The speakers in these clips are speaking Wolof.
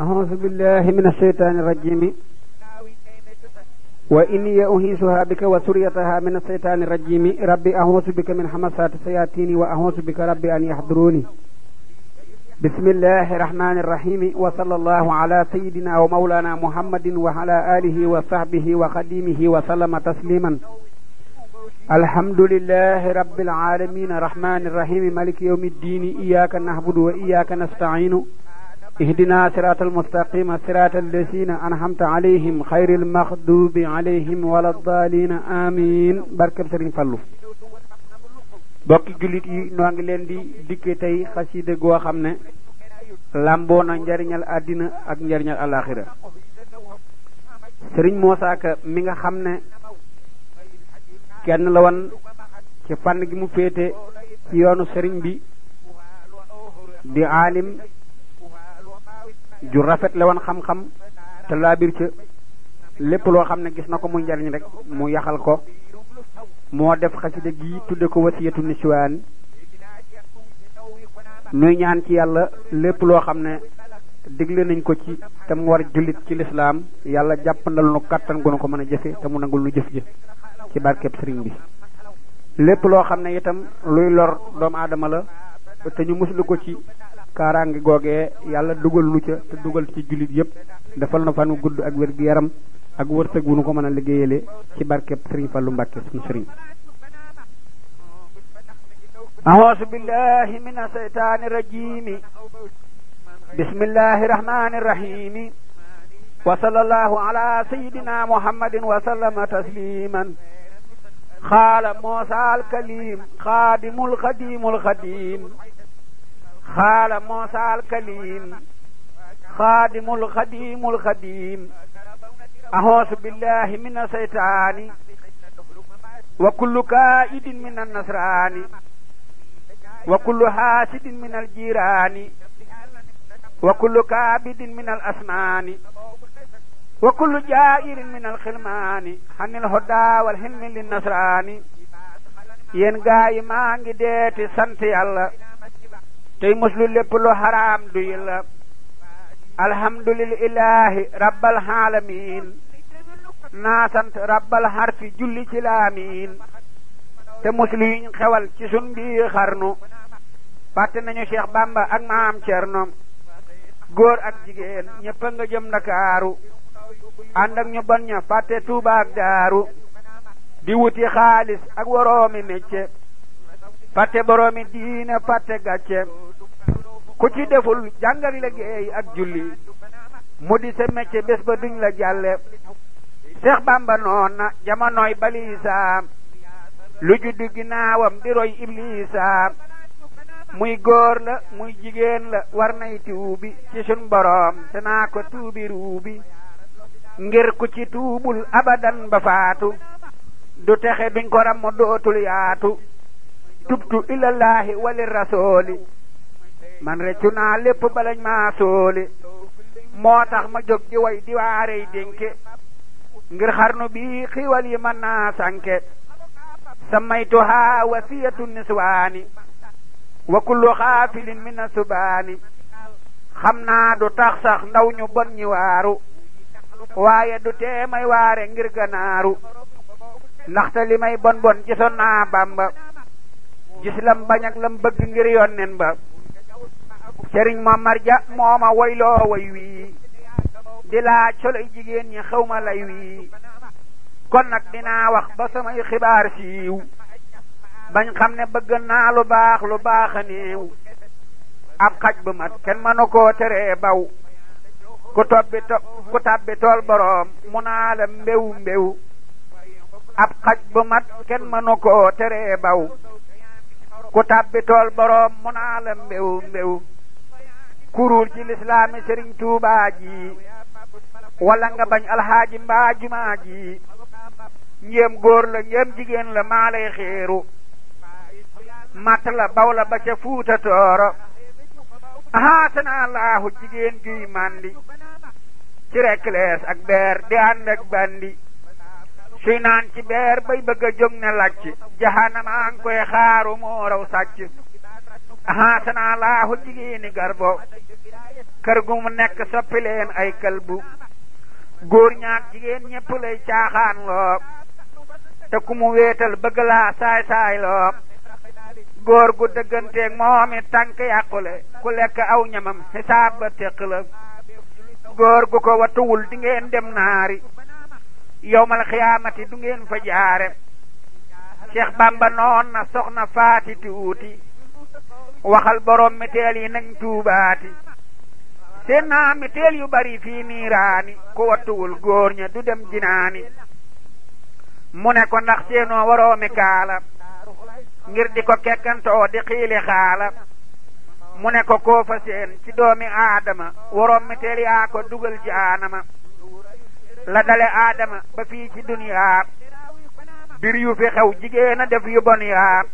أعوذ بالله من الشيطان الرجيم وإني أهيسها بك وسريتها من الشيطان الرجيم ربي أعوذ بك من حمسات الشياطين وأعوذ بك ربي أن يحضروني بسم الله الرحمن الرحيم وصلى الله على سيدنا ومولانا محمد وعلى آله وصحبه وخديمه وسلم تسليما الحمد لله رب العالمين الرحمن الرحيم ملك يوم الدين إياك نعبد وإياك نستعين ihdina siraatal mustaqima siraatal lasiina anhamta alayhim xayril maxduubi alayhim wala daaliina amiin barkeb Sëriñ Fallu bokki jullit yi noo ngi leen di dikke tey xasida goo xam ne làmboo na njariñal àddina ak njariñal alaaxira Sëriñ Muusaa Ka mi nga xam ne kenn la woon ci fànn gi mu féete ci yoonu sëriñ bi di aalim ju rafet la woon xam-xam te laabir ca lépp loo xam ne gis na ko mu njariñ rek mu yaxal ko moo def xasida gi tudde ko wasiyatu nisiwaan nuy ñaan ci yàlla lépp loo xam ne digle nañ ko ci te mu war jullit ci lislaam yàlla jàppandal nu kàttan gu nu ko mën a jëfe te mu nangul nu jëf jëf ci barkeb sëriñ bi lépp loo xam ne itam luy lor doomu aadama la te ñu muslu ko ci kaaraange googee yàlla dugal nu ca te dugal ci jullit yëpp defal na fanu gudd ak wér gu yaram ak wërsëg wu nu ko mën a liggéeyale ci barkeb sëriñ Fallu Mbàkke suñu sëriñ أعوذ بالله من الشيطان الرجيم بسم الله الرحمن الرحيم وصلى الله على سيدنا محمد وسلم تسليما قال موسى الكليم خادم الخديم الخديم xaala Muusaa al-Kaliim xaadimul xadiimul xadiim axoosu billahi min wa kullu kaa'idin min annasraani wa kullu haasidin min aljiiraani wa kullu kaabidin min alasnaani wa kullu jaa'irin min alxilmaani xanil hudaa wal hilmi linnasraani yéen gaa yi maa ngi deeti sant yàlla tey muslu lépp lu xaraam du yilla alhamdulilahi rabbal alamin naa rabbal harfi julli ci laamiin te muslu yiñ xewal ci sun bii xarnu nañu Cheikh Bamba ak maam Cerno góor ak jigéen ñëpp jëm Ndakaaru ànd ak ñu bon ña fàtte Tuuba ak Daaru di wuti xaalis ak woroomi mécce fàtte boroomi diine fàtte gàcce ku ci deful jàngal liggéey ak julli mu di sa métier bés ba duñ la jàlle Seex Bàmba noon na jamonoy baliisaam lu juddu ginnaawam di roy ibliisaam muy góor la muy jigéen la war nay tuubi ci sun boroom te naa ko tuubi ruubi ngir ku ci tuubul abadan ba faatu du texe duñ ko ram dootul yaatu tubtu ilallaahi wali rasooli man reccu naa lépp balañ maa soole moo tax ma jóg di way di waarey dénke ngir xarnu bi xiiwal yi mën naa sànke samaytuha wasiyatu niswaani wa kullu xaafilin min asubaani xam naa du tax sax ndaw ñu bon ñi waaru waaye du tee waare ngir ganaaru ndaxte li may bon bon gisoon naa bàmba gis lam bañ lam bëgg ngir yonnen ba sëriñ Mamar Ja mooma woyloo way wii di laaj soloy jigéen ñi xawma lay wii kon nag dinaa wax ba samay xibaar siiw bañ xam ne bëgg naa lu baax lu baax a néew ab xaj bu mat kenn mënu koo teree baw ku tobbi to ku la mbéw mbéw ab xaj bu mat kenn mënu koo teree baw ku tabbi tool boroom naa la mbéw mbéw kurul ci lislaami sëriñ tuubaa ji nga bañ alxaaji mbaa jumaa ji la njéem jigéen la maa lay xéeru matt la baw la ba ca fuuta tooro ahaatana laahu jigéen juy mandi ci reklees ak beer di ànd ak bandi suy naan ci beer bay bëgg a ne làcc jahanama a koy xaaru moo raw ahaatanaa laahu jigéeni garbo kër gu mu nekk soppi ay kalbu góor ñaak jigéen ñépp lay caaxaan loo te ku mu wéetal bëgg laa saay saay loo góor gu dëgganteeg moom tànk yàqule ku lekk aw ñamam xisaab ba teq la góor gu ko watuwul dingeen ngeen dem naari yowmal xiyaamati du ngeen fa jaare Cheikh Bamba noon na soxna faati tuuti waxal borom mi teel yi nañ tuubaati seen naa mi yu bari fii niiraani ku wattuwul góor ña du dem jinaani mu ne ko ndax seenoo waroomi kaala ngir di ko kekkantoo di xiili xaala mu ne ko koo fa seen ci doomi aadama waroom mi yaa ko dugal ci aanama la dale aadama ba fii ci duniyaa bir yu fi xew jigéen def yu bon yaa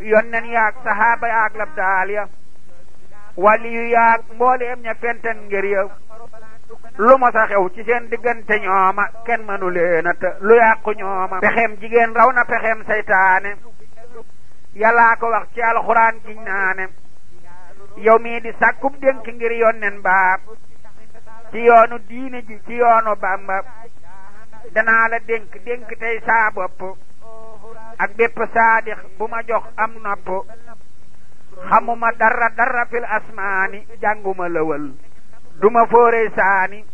yonnen yaag sahaaba yaag labdaal ya waliyu yaag mbooleem ña fenten ngir ya lu ma xew ci seen diggante ñooma kenn mënu leen a të lu yàqu ñooma pexem jigéen raw na pexem seytaane yàllaa ko wax ci alxuraan giñ naa di sàkkub dénk ngir yonnen baab ci yoonu diine ji ci yoonu bàmba danaa la dénk dénk tey saa ak bépp saadix bu ma jox am nopp xamuma dara dara fil asmaani jànguma lëwal duma fóore saani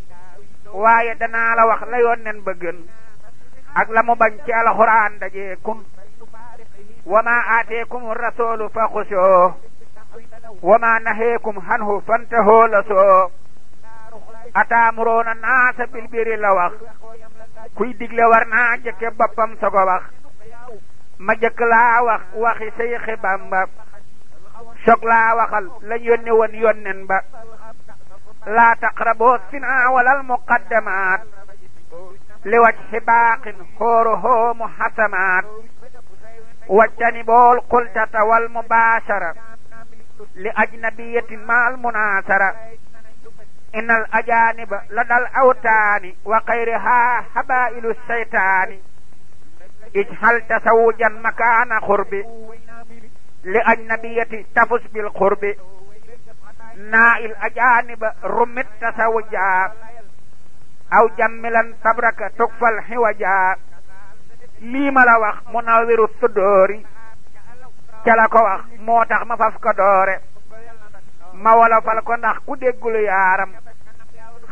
waaye danaa la wax la yoon nen ba ak la mu bañ alxuraan dajeekun wa ma aateekum rasulu fa xusoo wa ma naheekum hanhu fantahoo la soo ataamuroona naasa bilbiri wax kuy digle war naa jëkke boppam sogo wax ma jëkk laa wax waxi Seyxi Bamba soog laa waxal lañ yónni woon yónneen ba laa taqraboo sinaa walal muqaddamaat li wajhi baaqin xóoruhoo mu xasamaat wajtani bool xultata wal mubaashara li ajnabiyati maal munaasara innal ajaaniba la awtaani wa xayrihaa habaa'ilu seytaani اجهل تزوجا مكان قرب لأجنبية تفز بالقرب نائل أجانب رمت تزوجا أو جملا صبرك تكفى الحوجا lii ma la wax munawiru sudoori ca la ko wax moo tax ma faf ko doore ma wolofal ko ndax ku déggul yaaram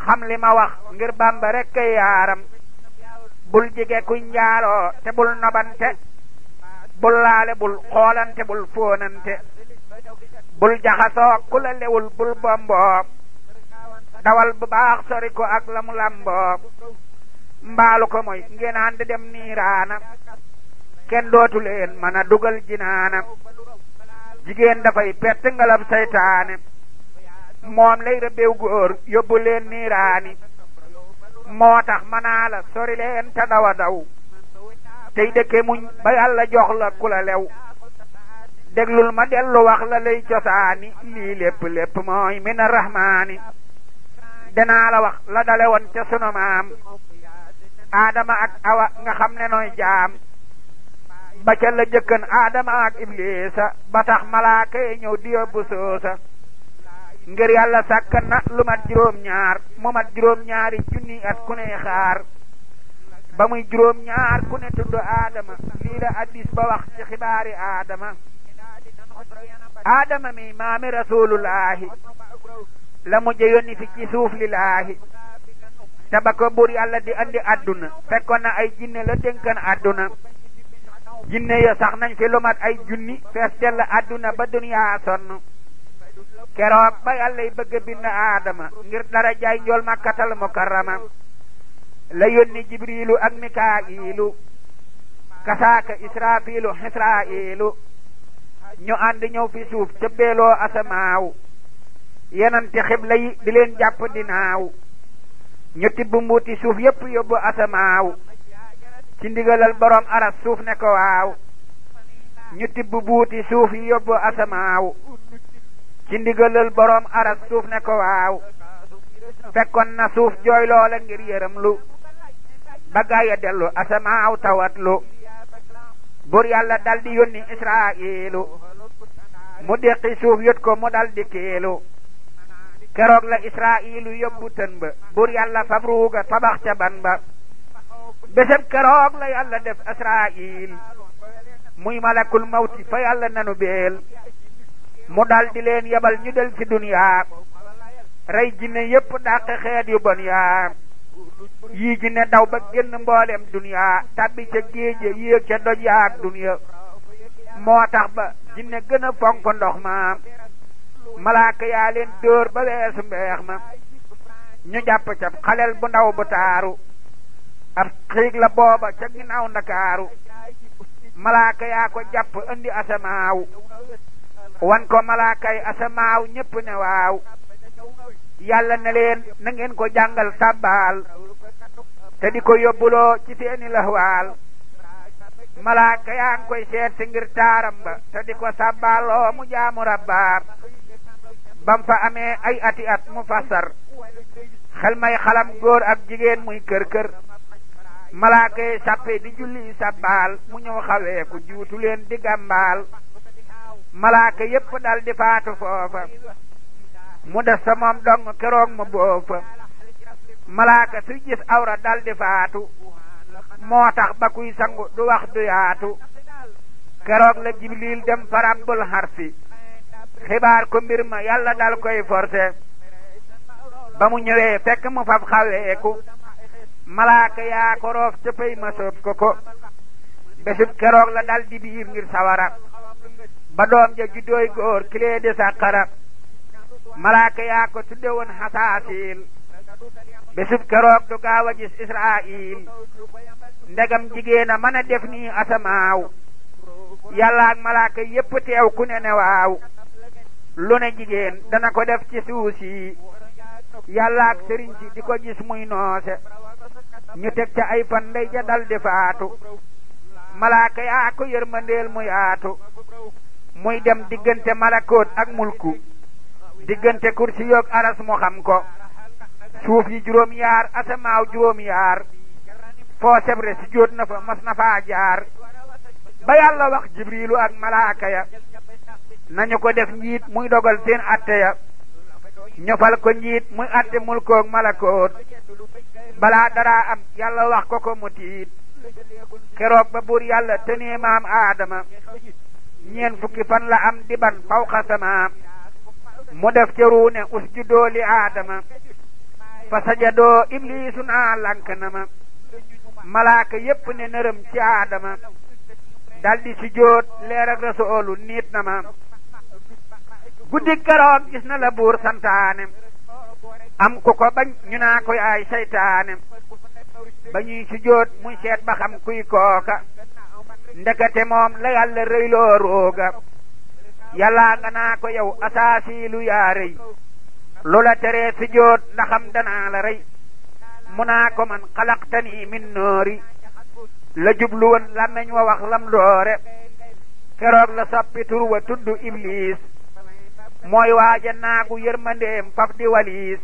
xam li ma wax ngir bàmba rekk yaaram bul jege kuy njaaloo te bul nobante bul laale bul xoolante bul fóonante bul jaxasoo ku la lewul bul bomboo dawal bu baax sori ak la mu lamboo mbaalu ko mooy ngeen ànd dem niiraana kenn dootu leen dugal jinaana jigéen dafay pett ngalab saytaane moom lay rëbbeew góor yóbbu leen niiraani moo tax manaa la sori leen te daw a daw tey dëkke muñ ba yàlla jox la ku la lew déglul ma dellu wax la lay cosaani lii lépp lépp mooy min arrahmaani danaa la wax la dale woon ca maam aadama ak awa nga xam ne nooy jaam ba ca la jëkkan aadama ak iblisa ba tax malaaka yi ñëw di yóbbu soosa ngir yàlla sàkkan na lu mat juróom-ñaar mu mat juróom-ñaari junni at ku ne xaar ba muy juróom-ñaar ku ne tudd aadama lii la addis ba wax xibaari aadama aadama mi maami rasulullaahi la mujj yónni fi ci suuf lillaahi te ko buur yàlla di andi àdduna fekkoon na ay jinne la dénkan àdduna jinne ya sax nañ fi lu mat ay junni fees dell àdduna ba duniyaa keroog ba yàlla yi bëgg a bind aadama ngir dara jaay njool makkatal mukarrama la yónni jibriilu ak mikaayilu kasaaka israafiilu xisraayilu ñu ànd ñëw fi suuf ca beeloo asamaaw yenante xibla yi di leen jàpp ñu tibb mbuuti suuf yépp yóbbu asamaaw ci ndigalal borom aras suuf ne ko waaw ñu tibb buuti suuf yi yóbbu asamaaw ci ndigalal boroom aras suuf ne ko waaw fekkoon na suuf jooy ngir yërëm lu ba gaaya dellu asamaaw tawat lu bur yàlla dal yónni israa'iilu mu déqi suuf yët ko mu dal kiilu keroog la israa'iilu yóbbu ba bur yàlla fab ruuga tabax ca ban ba bésëb keroog la yàlla def israa'iil muy malakul mawti fa yàlla nanu beel mu daal di leen yebal ñu del ci duniyaa rey jinne yépp dàq xeet yu bon yaa yii jinne daw ba génn mboolem duniyaa tabbi ca géeje yéeg ca doj yaa duniya moo tax ba jinne gën a fonk ndox ma malaaka yaa leen dóor ba weesu mbeex ma ñu jàpp ca xaleel bu ndaw bu taaru ab xiig la booba ca ginnaaw ndakaaru malaaka yaa ko jàpp andi asamaaw wan ko malaakay asamaaw ñépp ne waaw yàlla ne leen na ngeen ko jàngal sàbbaal te di ko yóbbuloo ci seeni lahwaal malaaka yaa ngi koy seet si ngir taaram ba te di ko sàbbaaloo mu jaamu rabbaam bam fa amee ay ati at mu fasar xel may xalam góor ak jigéen muy kër-kër malaaka yi sàppe di julli sàbbaal mu ñëw xawee ku juutu leen di gàmbaal malaaka yépp dal di faatu foofa mu des sa moom dong keroog ma boofa malaaka su gis awra dal di faatu moo tax ba kuy sangu du wax du yaatu keroog la jibril dem farabbul xarsi xibaar ko mbir ma yàlla dal koy forcé ba mu ñëwee fekk mu fab xaweeku malaaka yaa ko ma soob ko ko keroog la dal di biir ngir sawara ba doom ja juddooy góor kilee di sàqara malaaka yaa ko tudde woon xasaasil bésub keroog du gaaw a gis israil ndegam jigéen a mën def nii asamaaw yàlla ak malaaka yépp teew ku ne ne waaw lu ne jigéen dana ko def ci suuf si yàlla ak sëriñ si di ko gis muy noose ñu teg ca ay fan ndey ja dal faatu malaaka yaa yërmandeel muy aatu muy dem diggante malakoot ak mulku diggante kursi yoog aras mu xam ko suuf yi juróom yaar asamaaw juróom yaar foo sebre si jóot na fa mas jaar ba yàlla wax jibrilu ak malaaka ya nañu ko def njiit muy dogal seen atte ya ñu ko njiit muy atte mulkoog malakoot balaa dara am yàlla wax ko ko mu tiit keroog ba buur yàlla tenee aadama ñeen fukki fan la am di ban fawqa sama mu def ca ruune usjudoo li aadama fa sajadoo ibliisu naa lank na ma malaaka yépp ne nërëm ci aadama daldi si jóot leer ak niit na ma guddi keroog gis na la buur santaane am ku ko bañ ñu naa koy ay saytaane ba ñuy si jóot ba xam kuy kooka ndekete moom la yàlla rëyloo rooga yàllaa nga naa ko yow asaasiilu yaa rëy lu la teree sujjóot ndaxam danaa la rey mu naa ko man xalaqtani min noori la jublu woon làmmeñ wa wax lam doore keroog la soppi tur wa tudd iblis mooy waaja naagu yërmandeem faf di waliis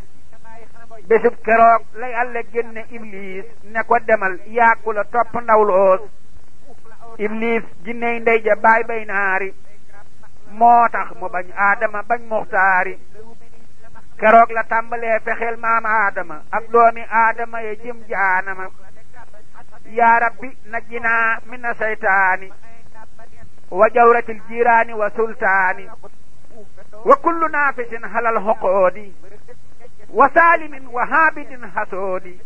bésub keroog la yàlla génne iblis ne ko demal yàggu la topp ndawloos iblis jinney ndey ja baay bay naari moo tax bañ aadama bañ muxtaari keroog la tàmbalee fexeel maam aadama ak doomi aadama ye jëm jaanama yaa rabbi najjinaa mina seytaani wa jawratil jiiraani wa sultaani wa kullu naafisin halal xoqoodi wa saalimin wa haabidin hasoodi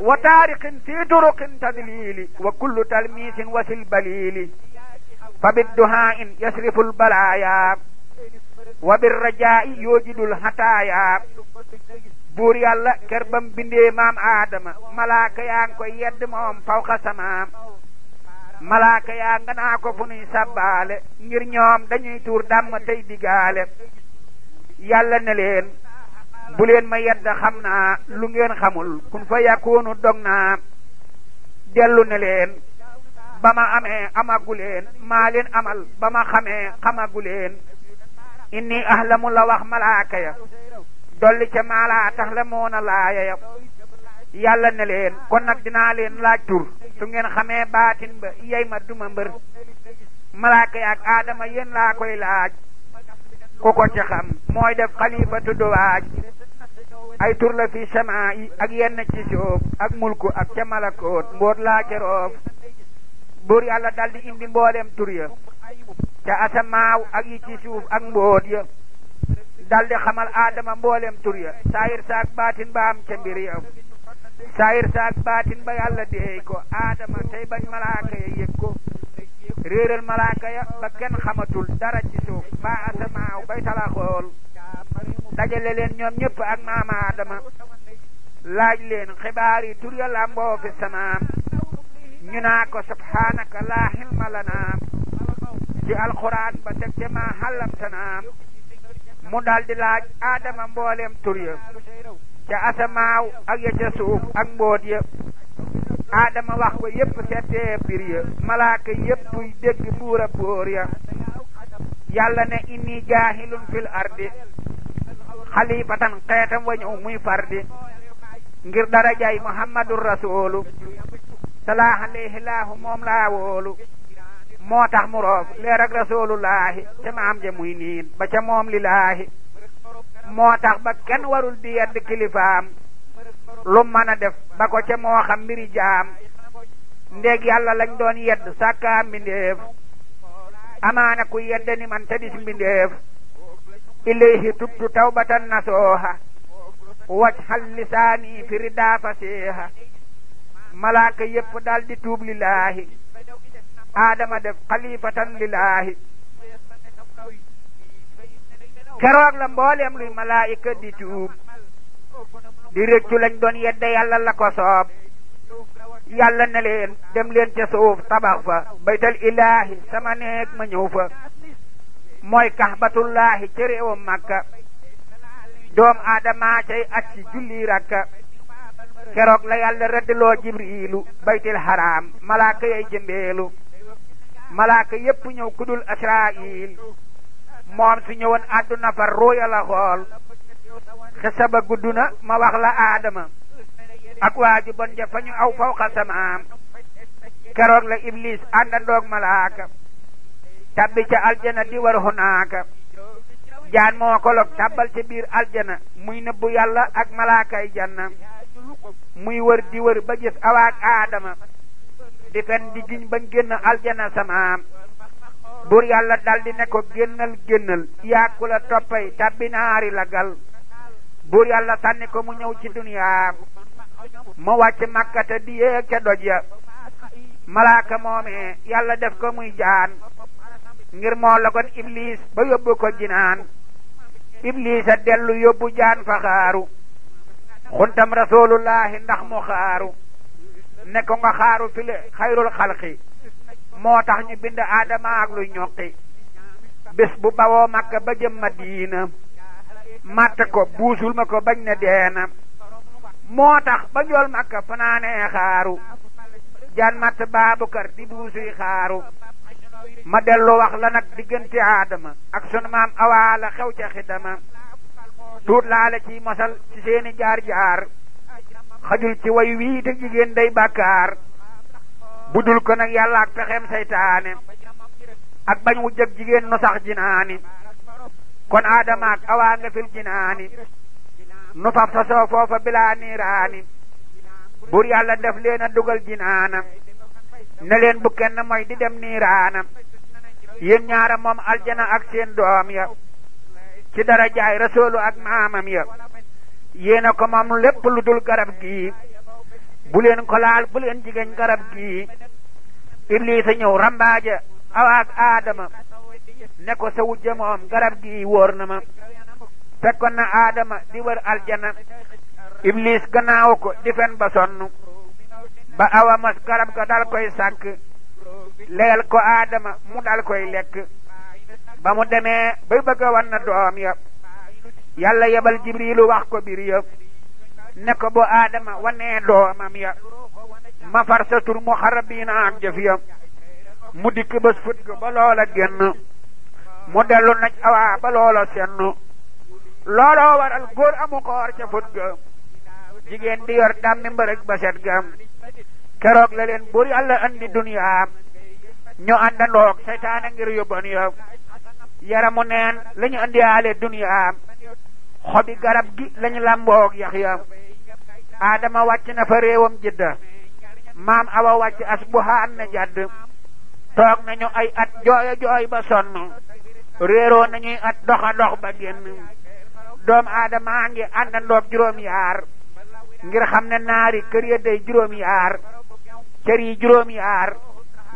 wa taariqin fi turuqin tadlili wa kullu talmisin wasil balili fa bidduhain yasrifu lbalaya wa birrajai yoojidul hataaya buur yàlla kër bam bindee maam aadama malaaka yaa ngi koy yedd moom fawqa samaam malaaka yaa nga fu nuy sabbaale ngir ñoom dañuy tuur dàmm tey digaale yàlla ne bu leen ma yedd xam naa lu ngeen xamul kun fa yàkkoonu dog naa dellu ne leen ba ma amee amagu leen maa leen amal ba ma xamee xamagu leen inni ahlamu la wax malaaka ya dolli ca maalaa tax la moona laaya ya yàlla ne leen kon nag dinaa leen laaj tur su ngeen xamee baatin ba yey ma duma mbër malaaka yaak aadama yéen laa koy laaj ku ko ci xam mooy def xalifatu du waaj ay tur la fi chamaa yi ak yenn ci suuf ak mulku ak ca malakoot mboot laa keroof buur yàlla dal di indi mboolem tur ya ca asamaaw ak yi ci suuf ak mboot ya dal di xamal mboolem tur saayir saak baatin ba ca mbir saayir saak baatin ba yàlla déey ko aadama tey bañ malaaka ya yëg ko ba kenn xamatul dara ci suuf ba asamaaw bay tala dajale leen ñoom ñëpp ak maama Adama laaj leen xibaar yi tur fi samaam ñu naa ko subhaanaka laa xilma lana ci alxuraan ba teg te maa xàllamtana mu daal laaj Adama mbooleem tur ya ca asamaaw ak ya ca suuf ak mbóot ya Adama wax ko yëpp settee bir malaaka yëpp dégg buur boor ya yàlla ne inni jaahilun fil ardi xalifatan xeetam wa ñëw muy fardi ngir darajay muhammadu rasulu salaa moom laa woolu moo tax mu roog leer ak rasulullaahi ca maam niin ba ca moom moo tax ba kenn warul di yedd kilifaam lu mën def ba ko ca moo xam mbiri jaam lañ doon yedd sàkkaa mbindéef amaana ku yedde ni man ta dis mbindéef ilayhi tubtu tawbatan nasooha wajhal lisaani fi ridaa fasiha malaaka yépp daal di tuub lillaahi aadama def xalifatan lillaahi keroog la mbooleem luy malaayika di tuub di rëccu lañ doon yedde yàlla la ko soob yàlla na leen dem leen ca suuf tabax fa baytal ilaahi sama neeg ma ñëw fa mooy kaxbatullaahi ca réewam màkka doom aadama cay julli rakka keroog la yàlla rëddaloo jibriilu baytil haram malaaka yay jëmbeelu malaaka yépp ñëw kudul asraayil moom su ñëwoon àdduna fa ruuya la xool xisaba gudd na ma wax la aadama ak waaju bon ja fa aw fawqa samaam keroog la iblis àndandoog malaaka tabbi ca aljana di war hunaaka jaan moo ko log tabbal ca biir aljana muy nëbbu yàlla ak malaakay janna muy wër di wër ba gis awaak aadama di fen di giñ bañ génn aljana samaam buur yàlla dal di ne ko génnal génnal yàkku la toppay tabbi naari la buur yàlla sànni ko mu ñëw ci duniyaa mu wàcc makkata di yéeg ca doj ya malaaka moomee yàlla def ko muy jaan ngir moo lagoon iblis ba yóbbu ko jinaan iblis a dellu yóbbu jaan fa xaaru xuntam rasulullahi ndax mu xaaru ne nga xaaru fi xayrul xalqi moo tax ñu bind aadama ak lu ñoqi bés bu bawoo makka ba jëm Madina màtt ko buusul ma ko bañ ne deena moo tax ba makka fanaanee xaaru jaan màtt Baabukar di buusuy xaaru ma dellu wax la nag diggante aadama ak sunu maam xew ca xidama tuut laa la ciy ci seeni jaar-jaar xajul ci way wii te jigéen day bàkkaar budul ko nag yàlla ak pexeem saytaane ak bañ wu jëg jigéen nu sax jinaani kon aadama awaa nga jinaani nu faf sosoo foofa bilaa bur yàlla def leen a dugal jinaana ne leen bu kenn mooy di dem niiraana yéen ñaara moom aljana ak seen doom ya ci dara jaay rasoolu ak maamam ya yéena ko moom lépp lu dul garab gii bu leen ko laal bu leen garab gii iblisa ñëw rambaaja awa ak aadama ne ko sa wujja moom garab gii wóor na ma fekkoon na aadama di wër aljana iblis gannaaw ko di fen ba ba awa mos garab ga dal koy sànq leel ko aadama mu dal koy lekk ba mu demee bay bëgg a wan na doom ya yàlla yebal jibrilu wax ko biir ne ko bu aadama wanee doomam ya ma far sa tur mu xarabiina ak jëf mu dikk bés fut ga ba loola génn mu dellu naj awaa ba loola senn looloo waral góor amu koor ca fut ga jigéen di yor dàmmi mbërëg ba set ga keroog la leen bur yàlla andi duniyaam ñu àndandoog seytaane ngir yóbban yow yaramu neen la ñu andiyaale duniyaam xobi garab gi la ñu làmboog yax ya wàcc na fa réewam jidda maam awa wàcc asbuhaan na jadd toog nañu ay at jooy jooy ba sonn réeroo nañuy at doxa dox ba génn doom aadamaa ngi àndandoog juróom yaar ngir xam ne naari kër ya day juróom yaar kër yi juróomi aar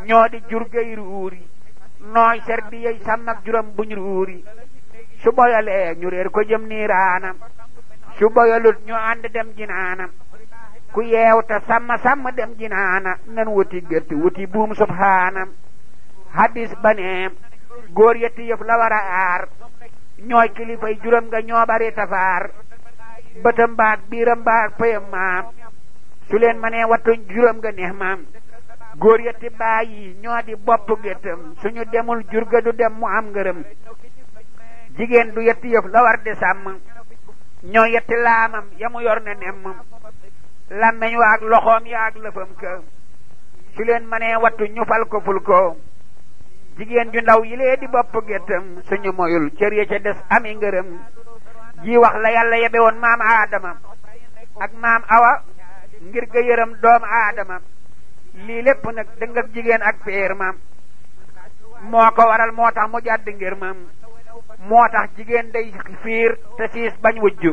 ñoo di jur gayru uur yi nooy ser di yey sàmm juróom buñu uur yi su boyalee ñu réer ko jëm nii raanam su boyalut ñu ànd dem jinaanam ku yeew te sàmm sàmm dem jinaana nan wuti gerte wuti buum subhaanam hadis baneem góor yetti yëf la war aar ñooy kilifay juróom nga ñoo bari tafaar bëtam baag biiram baag payam maam su leen mënee wattuñ juróom nga neex maam góor ya ti bàyyi ñoo di bopp géttam suñu demul jur ga du dem mu am ngërëm jigéen du yetti yëf la war di sàmm ñoo yetti laamam ya mu yor ne nemm làmmeñ wa ak loxoom ya ak lëfam ka su leen mënee wattu ñu fal ko ful ko jigéen ju ndaw yi lee di bopp géttam suñu moyul cër ya ca des ami ngërëm ji wax la yàlla yebe maam aadama ak maam awa ngir nga yërëm doomu aadama lii lépp nag dëngak jigéen ak péer maam moo ko waral moo tax mu jàdd ngir maam moo tax jigéen day fiir te siis bañ wujju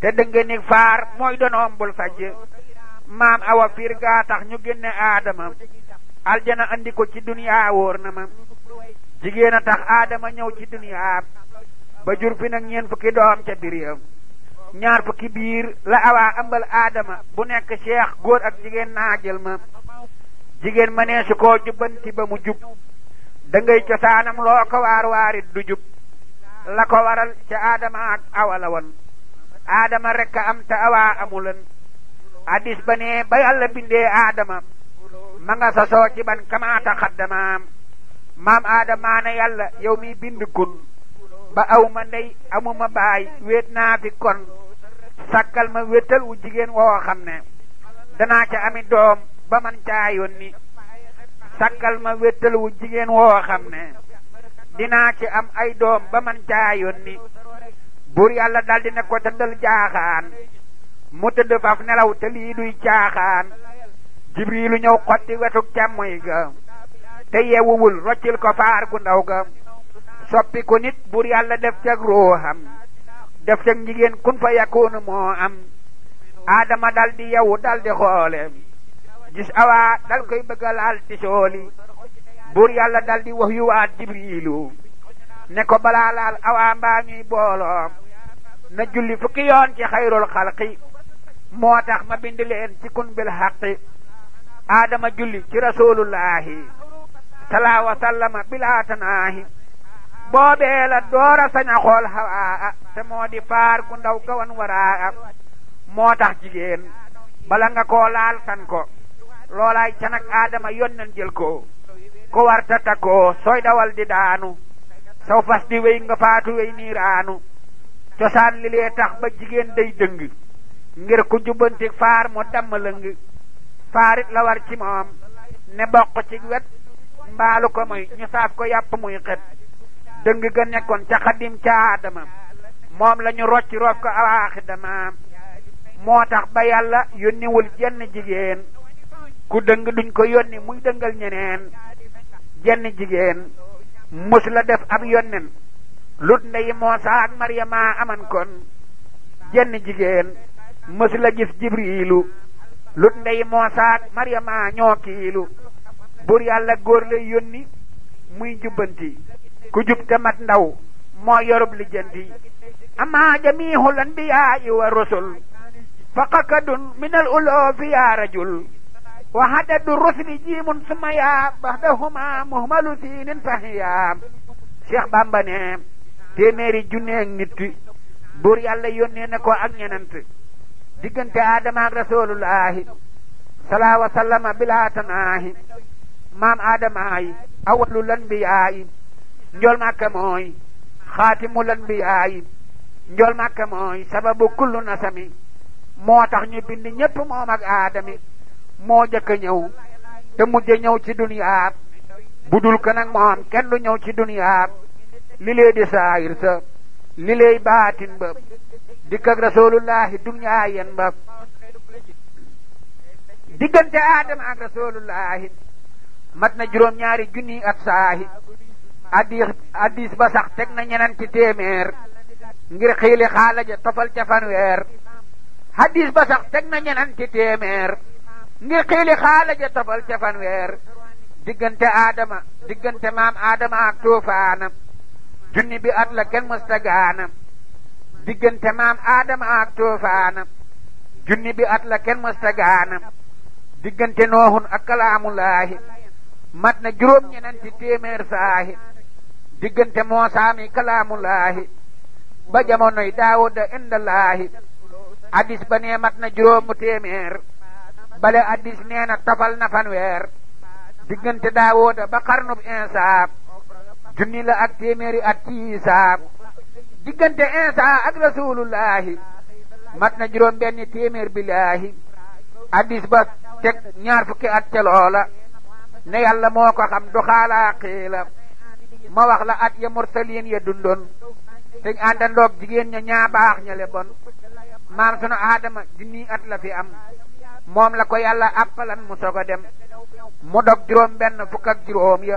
te dënga ni faar mooy doon hombul sajj maam awa fiir gaa tax ñu génne aadama aljana andi ci duniyaa wóor na ma jigéen a tax aadama ñëw ci duniyaa ba jur fi nag ñeen fukki doom ca biir yam ñaar fukki biir la awaa ambal aadama bu nekk cheikh góor ak jigéen naajal ma jigéen ma nee su koo jubbanti ba mu jub da ngay cosaanam loo ko waar waarit du jub la ko waral ca aadama ak awa woon aadama rekk a am te awaa amulan hadis ba ne ba yàlla bindee aadama ma nga sosoo ci ban kamaata xaddamaam maam aadama ne yàlla yow mi bind kun ba aw ma ndey amuma baay wéet naa fi kon sàkkal ma wéttal wu jigéen woo xam ne danaa ci ami doom ba man caa yónni sàkkal ma wéttal wu jigéen woo xam ne dinaa ci am ay doom ba man caa yónni buur yàlla daal di ne ko tëddal jaaxaan mu tëdd faf nelaw te lii duy caaxaan jibriilu ñëw xotti wetuk càmmoy ga te yewuwul roccil ko faar gu ndaw ga soppi ko nit buur yàlla def cag ruuxam def ca jigéen kun fa yakunu moo am aadama dal di yow dal di awaa dal koy bëgga ti sooli buur yàlla dal jibriilu ne ko balaa laal awaa mbaa ñuy booloo na julli fukki ci xayrul xalqi moo tax ma bind leen ci kun bil xaqi aadama julli ci rasulullahi salaa wa sallama bilaa tanaahi boobee la doora sañ a xool xawaa te moo di faar gu ndaw gawan waraa moo tax jigéen bala nga koo laal tan ko loolaay ca nag aadama yonnan jël ko ko war ta takkoo sooy dawal di daanu saw fas di wéy nga faatu wéy niiraanu cosaan li lee tax ba jigéen day dëng ngir ku jubbanti faar mu damm lëng faarit la war ci moom ne bokk ci wet mbaalu ko muy ñu saaf ko yàpp muy xet dëng ga nekkoon ca xadim ca adama moom la ñu rocc roof ko awaaxi moo tax ba yàlla yónniwul jenn jigéen ku dëng duñ ko yónni muy dëngal ñeneen jenn jigéen mës la def ab yónnen lut ndeyi Moosa ak Maryama aman kon jigéen mës la gis jibriilu lut ndeyi Moosa ak Maryama ñoo kiilu bur yàlla góor lay yónni muy njubbanti ku jub te mat ndaw moo yorub lijjanti ama jamihul anbiyaai wa rusul faqakadun min al uloofi ya rajul wa hadadu rusli jiimun suma yaa bahdahuma muhmalu siinin fahiya Cheikh Bamba ne téeméeri junne ak nit buur yàlla yónnee ko ak diggante Adama ak rasulullahi salaa wa maam Adama yi awalul anbiyaa yi njool màkka mooy xaatimul anbiyaayi njool màkka mooy sababu kullu nasami moo tax ñu bind ñépp moom ak aadami moo jëkk a ñëw te mujj ñëw ci duniyaab bu dul moom kenn du ci duniyaab li di saayir sa li baatin ba dikk ak rasulullahi duniyaa yen ba diggante aadama ak rasulullahi mat na juróom ñaari junni ak saahi addis addis teg na ñeneen ci téeméer ngir xiili xaalaja tofal ca fanweer hadis ba teg na ñeneen ci téeméer ngir xiili xaalaja tofal ca fanweer diggante aadama diggante maam aadama ak tuufaana junni bi at la diggante maam aadama ak tuufaana junni bi at la diggante noohun ak kalaamulaahi mat na juróom ñeneen ci saahi diggante Moosaa mi kalaamullaahi ba jamonoy Daawuda indallaahi addis ba nee mat na juróomu téeméer bale addis nee na tofal na fanweer diggante Daawuda ba xarnub Insa junni la ak téeméeri at ci Isa diggante Insa ak rasulullahi mat na juróom benni téeméer billaahi addis ba teg ñaar fukki at ca ne yàlla moo ko xam du xaalaa xiila ma wax la at ya mursalin ya dundoon te ñu àndandoog jigéen ña ñaa baax ña le bon maam sunu aadama junni at la fi am moom la ko yàlla àppalan mu soog a dem mu dog juróom benn fukk ak juróom ya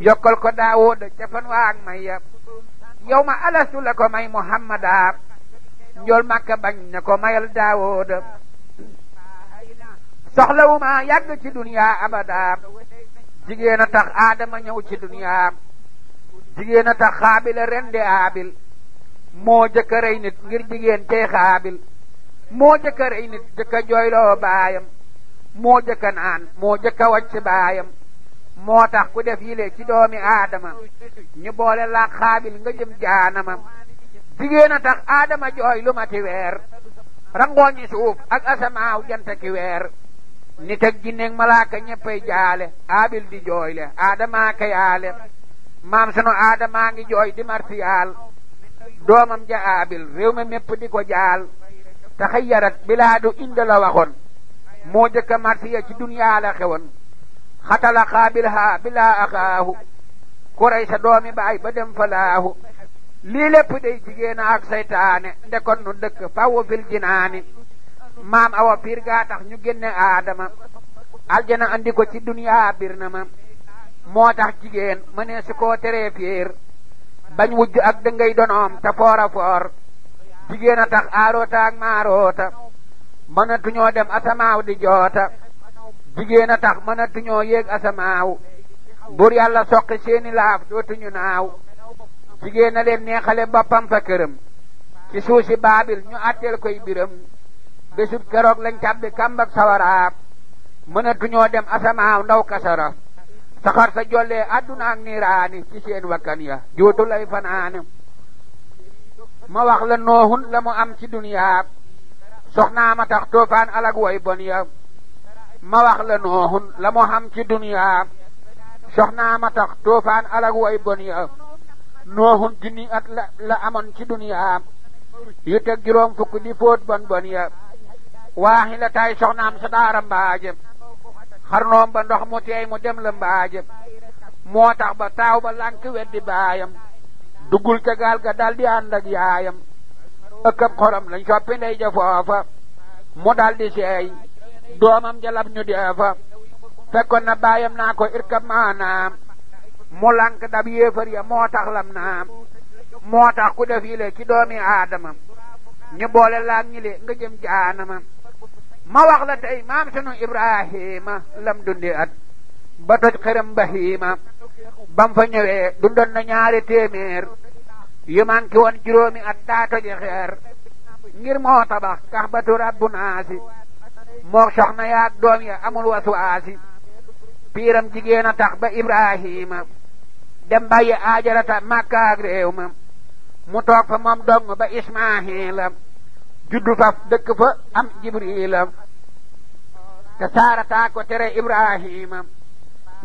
yokkal ko daawooda ca fan waa may ya yow ma alastu la ko may muhammada njool màkka bañ na ko mayal daawooda soxlawu ma yàgg ci duniyaa abada jigéen a tax aadama ñëw ci duniyaa jigéen a tax xaabil a rendi aabil moo jëkk a rey nit ngir jigéen tey xaabil a rey baayam moo jëkk a naan moo jëkk a wàcc baayam moo tax ku def yile ci doomi aadama ñu boole la xaabil nga jëm jaanama jigéen a tax aadama jooy lu mati weer rangooñi suuf ak asamaaw jant ki weer nit ak jinneeg malaaka ñëppay jaale aabil di jooyle aadamaa ka yaale maam sunu aadamaa ngi jooy di martiyaal doomam ja aabil réew mi mépp di ko jaal taxayarat bilaadu inda la waxoon moo jëkka martiya ci duniyaa la xewoon xatala xaabil haa bilaa axaahu kuray sa doomi baay ba dem falaahu lii lépp day jigéen ak saytaane ndekon nu dëkk fawu fil jinaani maam awa piir gaa ñu génne aadama aljana andi ci duniyaa bir ma moo tax jigéen mënee si koo teree fiir bañ wujj ak dëngay donoom te foora foor jigéen a tax aaroota ak maaroota mënatuñoo dem asamaaw di joota jigéen a tax mënatuñoo yéeg asamaaw bur yàlla soqi seeni laaf dootuñu naaw jigéen leen neexale boppam fa këram ci suuf baabil ñu àtteel koy biram bésub keroog lañ tàbbi kàmb ak sawaraab mënatuñoo dem asamaaw ndaw kasara taxar sa jollee adduna niiraani ci seen wakkan ya juutu lay fanaane ma wax la noohun la mu am ci duniyaa soxnaa ma tax toofaan alag way bon ya ma wax la noohun la mu am ci duniyaa soxnaa ma toofaan alag way bon ya noohun junni at la amoon ci duniyaa yu teg juróom fukk di fóot bon bon ya waaxi la tay soxnaam sa daara mbaaje xarnoom ba ndox mu teey mu dem la mbaaje moo tax ba taaw ba lànk weddi baayam duggul ca gaal ga dal di ànd ak yaayam ëkkam xolam lañ soppi ndey ja foofa mu dal di seey doomam jalab ñu dee fekkoon na baayam naa ko irkab maanaam mu lànk dab yéefar ya moo tax lam naam moo tax ku def yile ci doomi aadama ñu boole laam ñi le nga jëm ma wax la tey maam sunu ibrahima lam dundi at ba toj xërëm bahiima bam fa ñëwee dundoon na ñaari téeméer yu manki woon juróomi at daa toje xeer ngir moo tabax kax batu rabbu naasi moo soxna yaag doom ya amul waswaasi piiram jigéen tax ba ibrahima dem bàyyi aajarata màkkaag réew ma mu toog fa moom dong ba ismaahila juddu faf dëkk fa am jibrilam te saarataa ko tere ibrahimam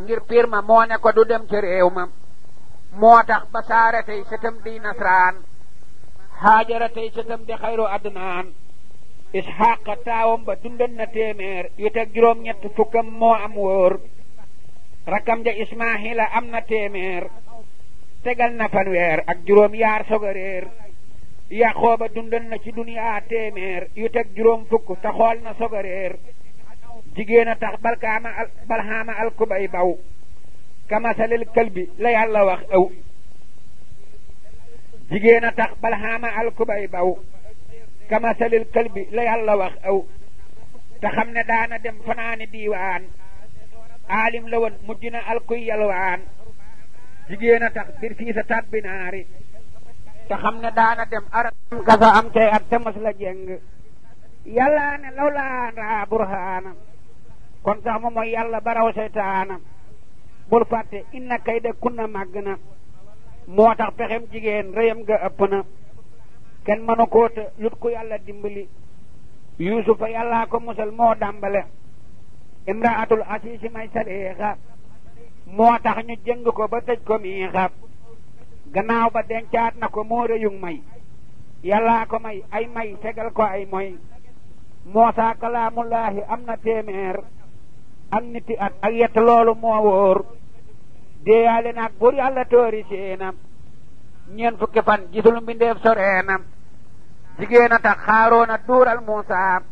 ngir piir ma moo ne du dem ci réew moo tax ba saara tey sëtam di nasraan haajara tey sëtam di xayru adnaan isxaqa taawam ba dundan na téeméer yu teg juróom ñett fukkam moo am wóor rakam ja ismaahila am na téeméer tegal na fanweer ak juróom yaar soga yaqooba dundoon na ci duniyaa téeméer yu teg juróom fukk te xool na soog jigéen a tax balkaama al balxaama alkubay baw kamasalil kalbi la yàlla wax aw jigéen a tax balxaama alkubay baw kamasalil kalbi la yàlla wax aw te xam ne daana dem fanaani diiwaan aalim la woon mujj na alkuy yalwaan jigéen a tax bir fii te xam ne daana dem aram te mas la jeng yàlla ne law laa nraa burhaanam kon sax moom yàlla baraw seytaanam bul fàtte inna kay de kunna màgg na moo tax pexem jigéen rëyam ga ëpp na kenn mënu koo të lut ku yàlla dimbali yuusufa yàllaa ko musal moo dàmbale imraatul asiisi may saliixa moo tax ñu jëng ko ba tëj ko miixa gannaaw ba dencaat na ko moo rëyung may yàllaa ko may ay may tegal ko ay moy moosaa kalaamullaahi am na téeméer ak niti at ak yett loolu moo wóor déeyaale naag bur yàlla toori séena ñeen fukki fan gisul mbindeef soreena jigéen a tax xaaroona duural muusa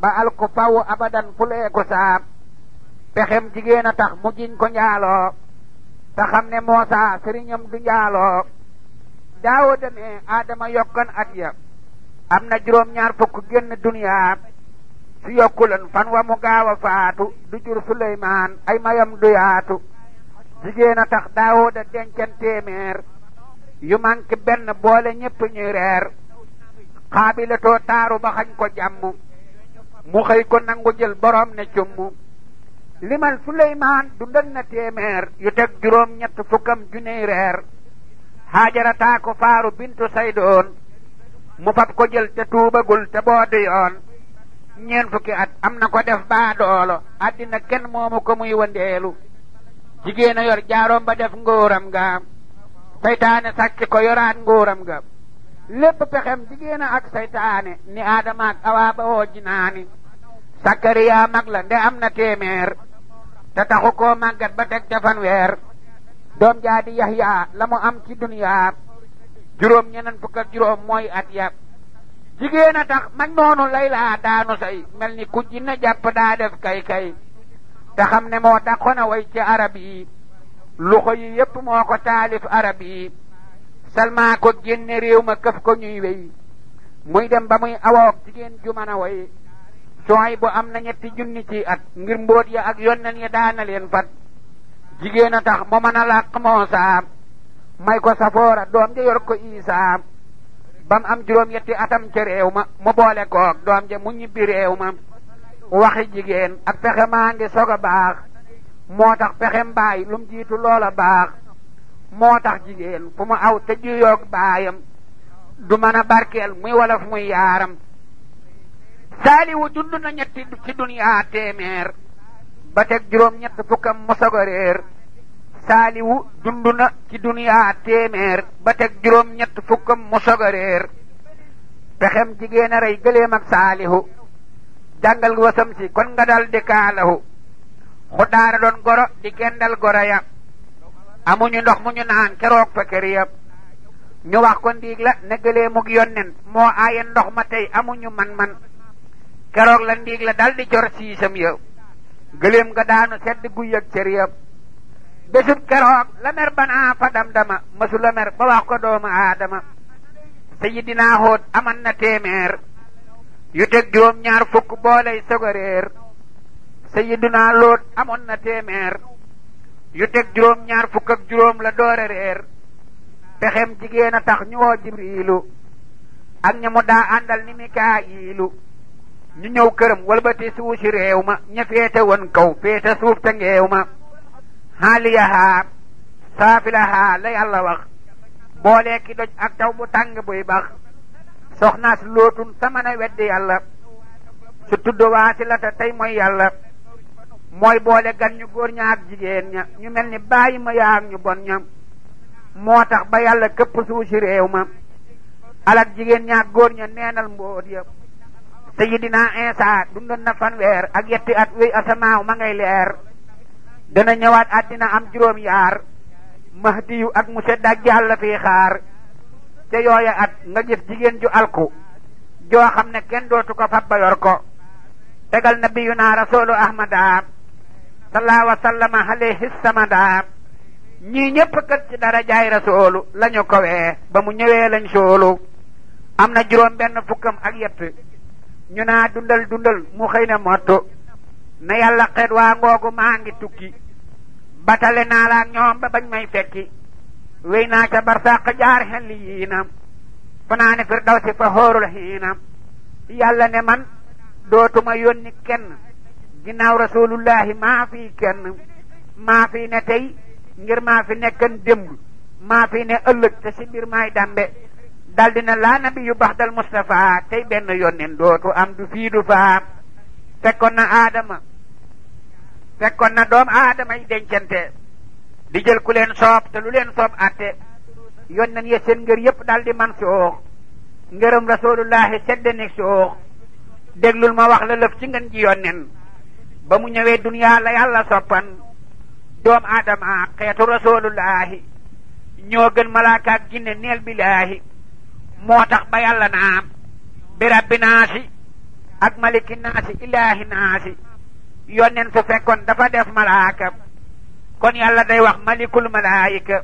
ba al ko faw abadan fu leeku saa pexem jigéen tax mu jiñ ko njaaloo te xam ne Moosa sëriñam du njaaloo daawo demee Adama yokkan at ya am na juróom-ñaar fukk génn duniya su yokkulan fan wa mu gaaw a du jur Suleymaan ay mayam du yaatu jigéen tax daawo da dencen yu manqué benn boole ñépp ñuy reer xaabilatoo taaru ba xañ ko jàmm mu xëy ko nangu jël borom ne cumm limal suleymaan dundal na téeméer yu teg juróom ñett fukkam juney reer haajara ko faaru bintu saydoon mu fab ko jël te tuubagul te boodi yoon ñeen fukki at am na ko def baa doolo addina kenn moomu ko muy wandeelu jigéen a yor jaaroom ba def nguuram nga saytaane sàcc ko yoraat nguuram nga lépp pexem jigéen ak saytaane ni aadama ak awaa ba sakariya mag la nde am na téeméer te taxu koo màggat ba teg ca fanweer doom jaa di la mu am ci duniyaa juróom ñeneen fukk ak juróom mooy at ya jigéen tax mag noonu lay laa daanu say mel ni ku jàpp daa def kay kay xam ne moo dàqoon a ci arab yi luxo yi yépp moo ko taalif arab yi salmaa ko génne réew ma këf ko ñuy wey muy dem ba muy awoog jigéen ju mën a way sooy bu am na ñetti junni ci at ngir mbóot ya ak yonnan ya daana leen fat jigéen a tax mu mën a làq Muusaa may ko safoora doom ja yor ko Isaa ba am juróom yetti atam ca réew ma mu boole koog doom ja mu ñibbi réew ma waxi jigéen ak pexe maa ngi a baax moo tax pexe mbaay lu mu loola baax moo tax jigéen fu mu aw te juyoog baayam du mën a barkeel muy wolof muy yaaram saaliwu dund na ñetti ci duniyaa téeméer ba teg juróom ñett fukkam mosogo réer saaliwu dund na ci duniyaa téeméer ba teg juróom ñett fukkam mosogo réer pexem jigéen rey gëléem ak saalihu jàngal wasam si kon nga dal di kaalahu xudaara doon goro di gendal goro ya amuñu ndox mu ñu naan keroog fa kër ya ñu wax ko ndiig la ne gëléemug yonnen moo aaye ndox ma tey amuñu man-man keroog la ndiig la dal di cor siisam ya gëléem nga daanu sedd gu yëg cër keroog la mer banaa fa dam dama masu la mer ba wax ko doomu aadama sayidina Hóot aman na téeméer yu teg juróom ñaar fukk boolay sogoreer sayidina Lóot amoon na téeméer yu juróom ñaar fukk juróom la doore pexem jigéen tax ñu woo jibriilu ak ña daa àndal ni mikaayilu ñu ñëw këram walbati suuf si réew ma ña féete woon kaw féete suuf te ngeew ma xaaliyahaa saafilahaa la yàlla wax boolee ki doj ak taw bu tàng buy bax soxnaas lootun ta mën weddi yàlla su tudd waasi la ta tey mooy yàlla mooy boole gan ñu góor ña ak ña ñu mel ni bàyyi ma yaa ñu bon ña moo tax ba yàlla këpp suuf si réew ma alak jigéen ña ak góor ña neenal mbóot ya sayidina Insa dundoon na fanweer ak yetti at wéy asamaaw ma ngay leer dana ñëwaat àddina am juróom yaar mahdi ak mu sedd ak jàll fii xaar te yooya at nga gis jigéen ju alku joo xam ne kenn dootu ko fab ba yor ko tegal nabiyuna rasulu ahmada salaa wa sallama alayhi samada ñii ñëpp kat ci dara jaay rasoolu lañu ko wee ba mu ñëwee lañ soolu am na juróom benn fukkam ak yett ñu naa dundal dundal mu xëy na motto na yàlla xet waa ngoogu maa ngi tukki batale naa la ñoom ba may fekki wéy naa ca barsàq jaar xel yiinam fanaane firdawsi fa xóorul xiinam yàlla ne man dootuma yónni kenn ginnaaw rasulullahi maa fii kenn maa fii ne tey ngir maa fi nekkan démb maa fii ne ëllëg te si biir maay dambe dal na laa nabiyu baxdal Mustafa tey benn yónneen dootu am du fii faam fekkoon na aadama fekkoon na doom aadama yi dencante di jël ku leen soob te lu leen soob atte yónneen ya seen ngër yëpp dal di man suux ngërëm rasulullahi seddanig suux déglul ma wax la lëf ci ngeen ji yónneen ba mu ñëwee duniyaa la yàlla soppan doom aadama xeetu rasulullahi ñoo gën malaaka ak ginne neel billaahi moo tax ba yàlla naam bi rabbi naasi ak maliki naasi ilaahi naasi yónneen su fekkoon dafa def malaaka kon yàlla day wax malikul malaayika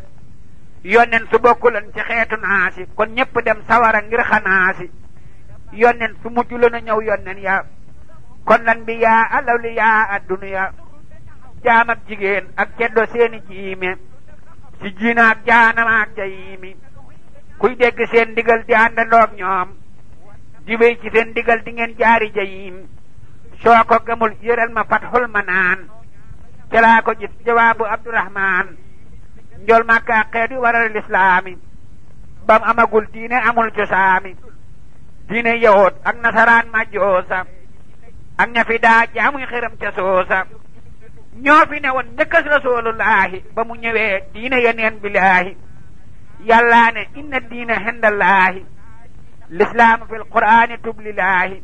yónneen su bokkuloon ci naasi kon ñëpp dem sawara ngir xanaasi yónneen su mujj la na ñëw yónneen ya kon lan bi yaa alawli yaa adduniya jaam jigéen ak ceddo seeni jiime si jiina ak jaanama ak jayiimi kuy dégg seen ndigal di àndandoog ñoom di wéy ci seen ndigal di ngeen jaari jayim soo ko gëmul yëral ma fatxul manaan ca laa ko gis jawaabu abdurahman njol màkka xeet waral lislaami bam amagul diine amul cosaami diine yahoot ak nasaraan majoosa ak ña fi daa jaamuy xëram ca ñoo fi ne woon njëkkas rasulullahi ba mu ñëwee diine yeneen billaahi yàllaa ne inna diina xindallaahi lislaamu fi lqur'aani tublilaahi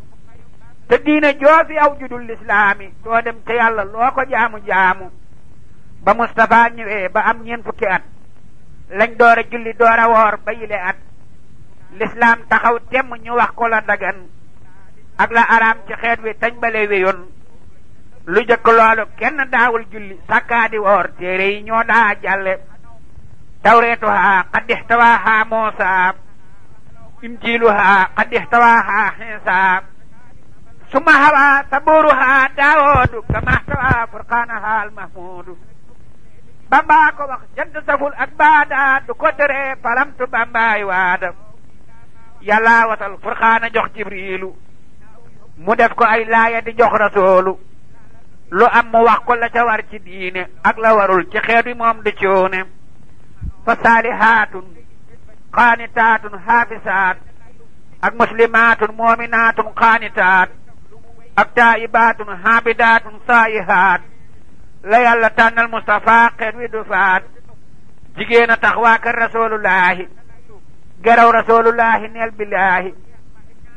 te diina joofi aw lislaami doo dem te yàlla looko jaamu-jaamu ba Moustapha ñëwee ba am ñeen fukki at lañ door a julli door woor ba yile at lislaam taxaw temm ñu wax ko la dagan ak la araam ci xeet tañ bale weyoon lu jëkk loolu kenn daawul julli sàkkaadi woor téere yi ñoo daa jàlle tawreetuha qad ixtawaaha Muusa injiiluha qad ixtawaaha Iisa summa hawa sabuuruha Daawudu kama axtawaa furqaanaha almahmuudu Bamba ko wax jant ak baada du ko tere falamtu Bambaay waada yàlla watal furqaana jox Jibriilu mu def ko ay laaya di jox rasoolu lu am mu wax la ca war ci diine ak la warul ci xeet wi moom du coone fa saalihaatun qaanitaatun haafisaat ak muslimaatun moominaatun qaanitaat ak taayibaatun haabidaatun saayihaat la yàlla tànnal Moustapha xeet wi du faat jigéen a tax waa kër rasulullahi garaw rasulullahi neel billaahi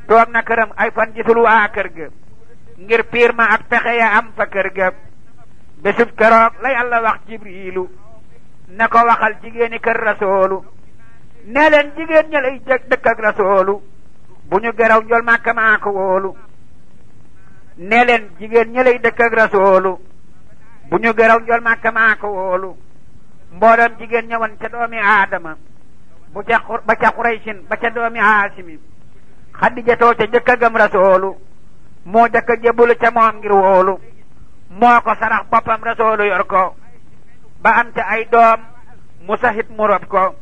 toog na ay fan gisul waa kër ga piir ma ak pexe ya am fa kër ga bésub keroog la yàlla wax jibriilu ne ko waxal jigéeni kër rasoolu ne leen jigéen ña lay jëkk dëkk ak rasoolu bu ñu geraw njol màkka maa ko wóolu jigéen ña lay dëkk ak rasoolu bu ñu geraw njol màkka maa ko wóolu jigéen ña ca doomi aadama bu ca xur ba ca xuraysin ba ca doomi aasimi ca jëkk rasoolu moo jëkk a jébbalu ca moom ngir wóolu moo ko sarax boppam rasoolu yor ba am ca ay doom musa hit mu rob ko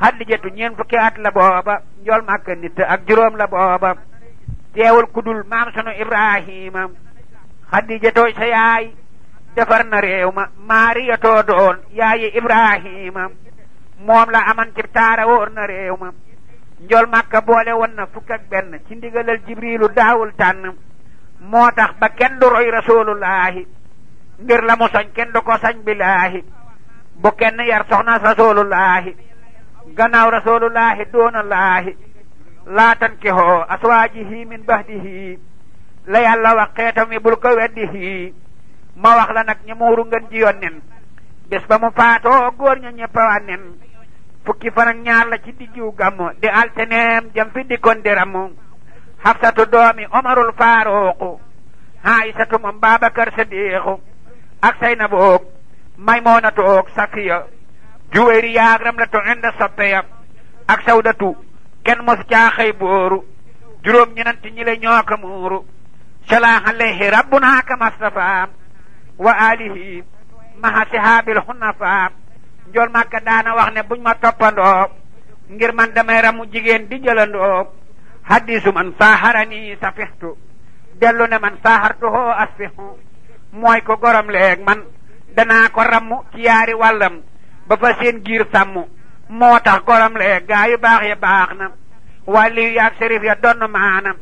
xadijatu ñeent fukki at la booba njool màkka nit ak juróom la booba teewul kudul maam sunu ibrahima xadijatoo sa yaay defar na réew ma maariyatoo doon yaayi ibrahima moom la aman ci taara wóor na réew ma njool màkka boole woon na ak benn ci ndigalal jibrilu daawul tànn moo tax ba kenn roy rasulullahi ngir la mu sañ kenn du ko sañ billaahi bu kenn yar soxna rasulullahi gannaaw rasulullahi doonallaahi laa tankihoo aswaajihi min bahdihi la yàlla wax xeetam yi bul ko weddihi ma wax la nag ñu muuru ngën ji yonnin bés ba mu faatoo góor ña ñëpp wànnin fukki fan ñaar la ci diggiw gàmm di alteneem jëm fi dikkoon di ramm xafsatu doomi omarul faaruuqu aysatu moom babacar sadiqu ak Saynabu oog Maymunatu oog Safiya Juwayriya ak Ramlatu inda Safiya ak Sawdatu kenn mosu caa xëy bu óoru juróom ñenent ñi la ñoo ko muuru salaaha alayhi rabbuna kama stafaam wa alihi maha sihaabil hunafaam njool màkka daana wax ne buñ ma toppandoo ngir man damay ramu jigéen di jëlandoo hadisu man saaharani safihtu dellu ne man saahartuhoo asfihu mooy ko gorom leeg man danaa ko ramm ci yaari wàllam ba fa seen giir sàmm moo tax gorom leeg gaa yu baax ya baax na wàlliyu yaag sérif ya donn maana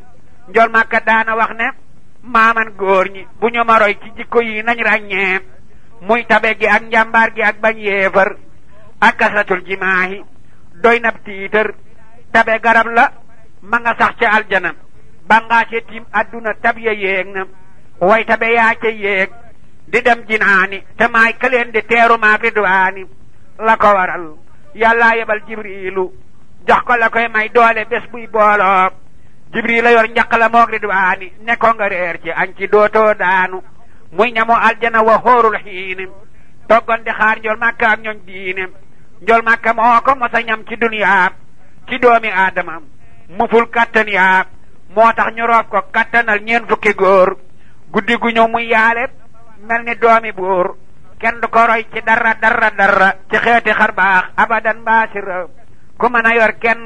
njol màkka daana wax ne maaman góor ñi bu ñu ma roy ci jikko yi nañ ràññee muy tabe gi ak njàmbaar gi ak bañ yéefar ak kasratul jimaahi doy nab tiitër tabe garab la ma nga sax ca aljana bàngaase tiim àdduna tab ya yéeg na way tabe yaa ca yéeg di dem jinaani te maay këleen di teeru maag ridwaani la ko waral yàllaa yebal jibriilu jox ko la koy may doole bés buy booloo jibril la yor njaq ridwaani ne ko nga réer ci añ ci dootoo daanu muy ñamu aljana wa xóorul xiini toggoon di xaar njol màkka ak ñooñ diine njol màkka moo ko mos ñam ci duniyaa ci doomi aadama muful kattan moo tax ñu roof ko kattanal ñeen fukki góor guddi gu ñëw muy yaale mel ni doomi buur kenn du ko roy ci dara dara dara ci xeeti xar baax abadan mbaasira ku mën a yor kenn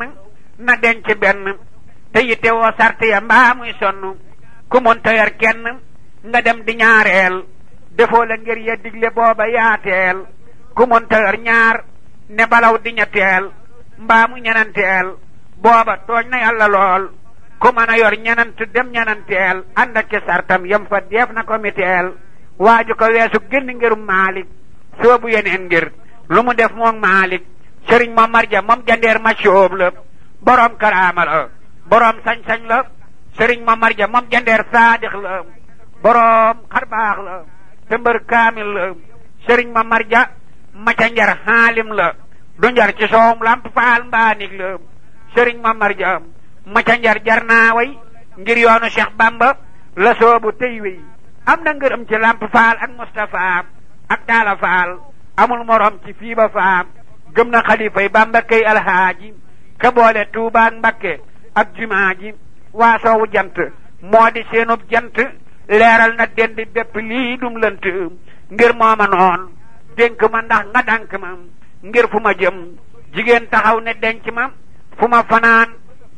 na denc benn te yitte woo sart ya mbaa muy sonn ku mënta yor kenn nga dem di ñaareel defoo la ngir ya digle booba yaateel ku mënta yor ñaar ne balaw di ñetteel mbaa mu ñenanteel booba tooñ na yàlla lool ku mën a yor ñanant dem ñananteel ànd ak sartam yam fa def na ko miteel waaju ko weesu génn ngirum maalik soobu yeneen ngir lu mu def moom maalik sëriñ moom marja moom jandeer ma soob la boroom karaama la boroom sañ-sañ la sëriñ moom marja moom jandeer saadix la boroom xarbaax la tëmbër kaamil la sëriñ moom marja maca njar xaalim la du njar ci soom lamp faal mbaanik la sëriñ moom marja maca njar jar naa way ngir yoonu Cheikh Bamba la soobu tey wey am na ngërëm ci Lamp Faal ak Moustapha ak Daala Faal amul morom ci fii faam gëm na xalifay Bamba kay alhaaji ka boole Tuuba ak ak jumaa waa soowu jant moo di seenub jant leeral na dend bépp lii dum lënt ngir mooma noon dénk ma ndax nga dànk ma ngir fu ma jëm jigéen taxaw ne denc ma fu ma fanaan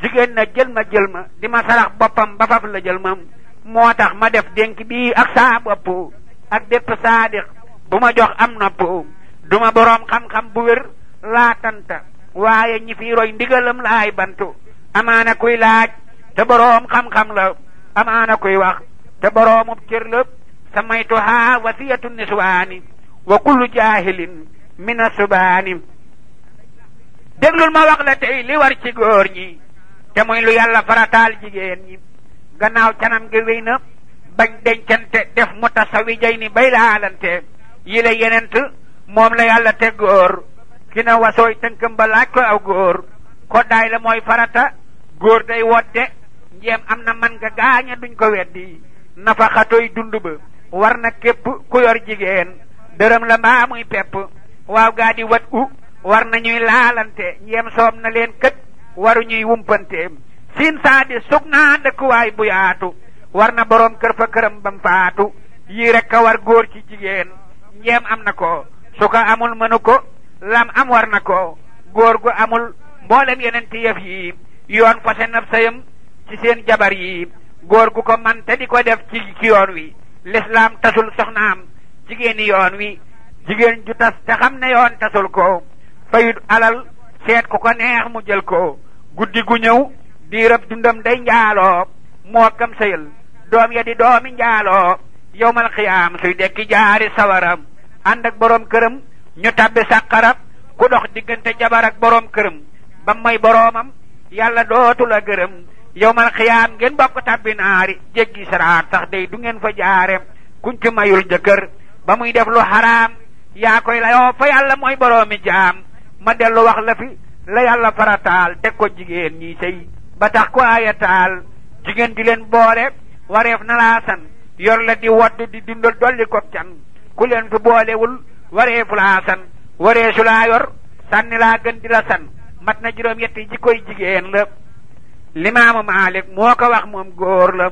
jigéen na jël ma jël ma di ma sarax boppam ba faf la jël mam moo tax ma def dénk bii ak saa bopp ak dépp saadiq bu ma jox am nopp du ma boroom xam-xam bu wér laa tanta waaye ñi fi roy ndigalam laay bantu amaana kuy laaj te boroom xam-xam la amaana kuy wax te boroomub cër la samaytuha wasiyatu niswaani wa kullu jaahilin min asubaani déglul ma wax la tey li war ci góor ñi te muy lu yàlla farataal jigéen ñi gannaaw canam gi wéy na bañ dencante def mu tasawi jay ni bay la yi la yenent moom la yàlla te góor ki na wasooy tënkam ba laaj ko aw góor ko la mooy farata góor day wodde njeem am na man nga gaaña duñ ko weddi nafa xatoy dund ba war na képp ku yor jigéen dërëm la mbaa muy pepp waaw gaa di wat u war nañuy laalante njeem soom na leen kët waru ñuy wumpante siin saa di sug naa dëkkuwaay bu yaatu war na boroom kër fa këram bam faatu yii rek a war góor ci jigéen njeem am na ko su ko amul mënu ko lam am war na ko góor gu amul mboolem yeneen ti yëf yi yoon fase nab sayam ci seen jabar yi góor gu ko man te di ko def ci ci wi lislaam tasul soxnaam jigéeni yoon wi jigéen ju tas te xam ne yoon tasul ko fayut alal seet ku ko neex mu jël ko guddi gu ñëw diirab dundam day njaaloo moo kam sëyal doom ya di doomi njaaloo yowmal xiyaam suy dekki jaari sawaram ànd ak boroom këram ñu tàbbi sàqara ku dox diggante jabar ak boroom këram ba may boroomam yàlla dootu la gërëm yowmal xiyaam ngeen bokk tàbbi naari jéggi saraar sax day du ngeen fa jaare kuñ ci mayul jëkkër ba muy def lu xaraam yaa koy layoo fa yàlla mooy boroomi jaam ma dellu wax la fi la yàlla farataal teg ko jigéen ñi sëy ba tax ko aaya taal jigéen di leen boole wareef na laa san yor la di waddu di dundal dolli ko ku leen fi boolewul wareefu laa san wareesu laa yor sànni laa gën di la san mat na juróom yetti jikkoy jigéen la limaamu Maalik moo ko wax moom góor la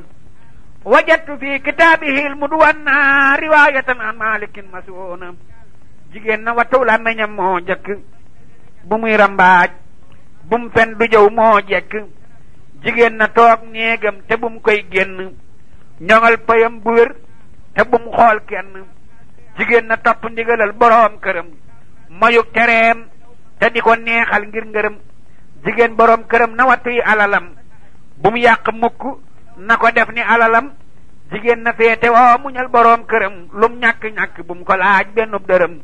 wajattu fi kitaabihi l-mudawwana riwaayatan an Maalikin masuuna jigéen na wattu la meñam moo njëkk bu muy rambaaj bum fen du jëw moo jekk jigéen na toog néegam te bum koy génn ñoŋal payam bu wér te bum xool kenn jigéen na topp ndigalal boroom këram moyuk tereem te di ko neexal ngir ngërëm jigéen boroom këram na wattuy alalam bum yàq mukk na ko def ni alalam jigéen na féete woo muñal boroom këram lum ñàkk-ñàkk bum ko laaj bennub dërëm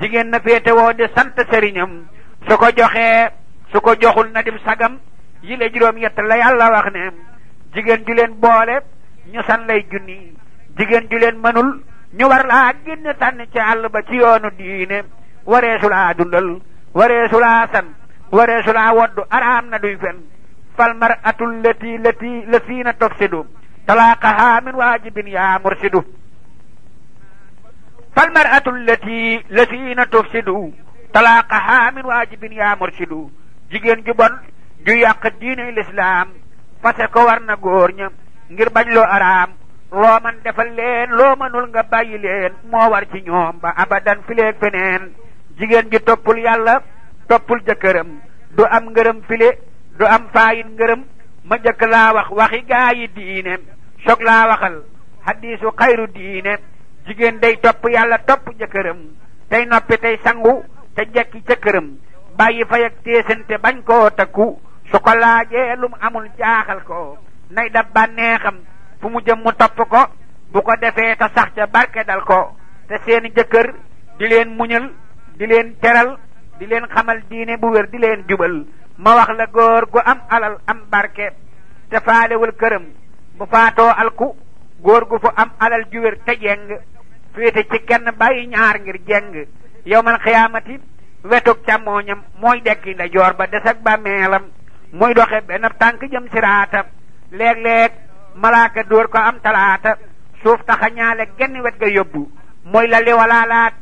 jigéen na féete woo di sant sëriñam su ko joxee su ko joxul na dim sagam yi la juróom-ñett la yàlla wax ne jigéen ju leen boole ñu san lay junni jigéen ju leen mënul ñu war laa génn tànn ci àll ba ci yoonu diine waree su laa dundal waree su laa san waree su laa woddu araam na duy fen fal maratul lati lati lasiina tufsidu talaaqahaa min waajibin yaa mursidu fal maratul lati lasiina tufsidu talaaqahaa min waajibin yaa mursidu jigéen ju bon ju yàq diiney lislaam fase ko war na góor ña ngir bañ loo araam loo man defal leen loo mënul nga bàyyi leen moo war ci ñoom ba abadan fileeg feneen jigéen ji toppul yàlla toppul jëkkëram du am ngërëm file du am faayit ngërëm ma jëkk laa wax waxi gaa yi diine soog laa waxal hadiisu xayru diine jigéen day topp yàlla topp jëkkëram tey noppi tey sangu te jekki ca këram bàyyi fay ak téesante bañ koo takku su ko laajee lu mu amul jaaxal ko nay dab bànneexam fu mu jëm mu topp ko bu ko defee te sax ca barke dal ko te seeni jëkkër di leen muñal di leen teral di leen xamal diine bu wér di leen jubal ma wax la góor gu am alal am barke te faalewul këram bu faatoo alku góor gu fu am alal ju wér te jeng féete ci kenn bàyyi ñaar ngir jeng yowmal xiyaamati wetug càmmooñam mooy dekki ndajoor ba des ak bàmmeelam muy doxe benn tànk jëm siraata léeg-léeg malaaka dóor ko am talaata suuf taxa ñaale genn wet ga yóbbu mooy la liwalaalaat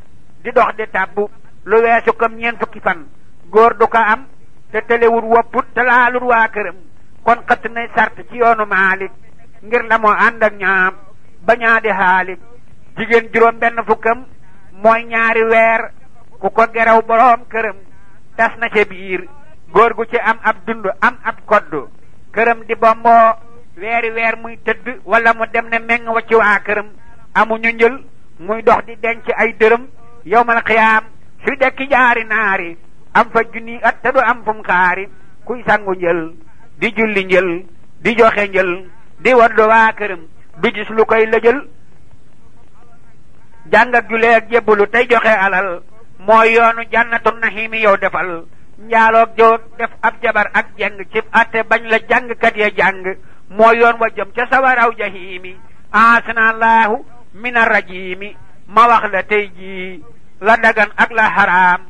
di dox di tàbbu lu weesu kam ñeent fukki fan góor du ko am te tëlewut wopput te laalul waa këram kon xëtt na sart ci yoonu maalik ngir la ànd ak ñaam bañaa di xaalik jigéen juróom benn fukkam mooy ñaari weer ku ko geraw boroom këram tas na ca biir góor gu ci am ab dund am ab kodd këram di bomboo weeri weer muy tëdd wala mu dem ne meng wa ci waa këram amuñu njël muy dox di denc ay dërëm yowmal xiyaam su dekki jaari naari am fa junni at te am fum xaari kuy sangu njël di julli njël di joxe njël di waddu waa këram du gis lu koy lëjël jàng ak julee ak tey joxe alal mooy yoonu jànnatu yow defal njaaloog joog def ab jabar ak jeng ci atte bañ la jàngkat ya jàng mooy yoon wa jëm ca sawaraw jahiimi aasna laahu min arrajiimi ma wax la tey jii la dagan ak la xaraam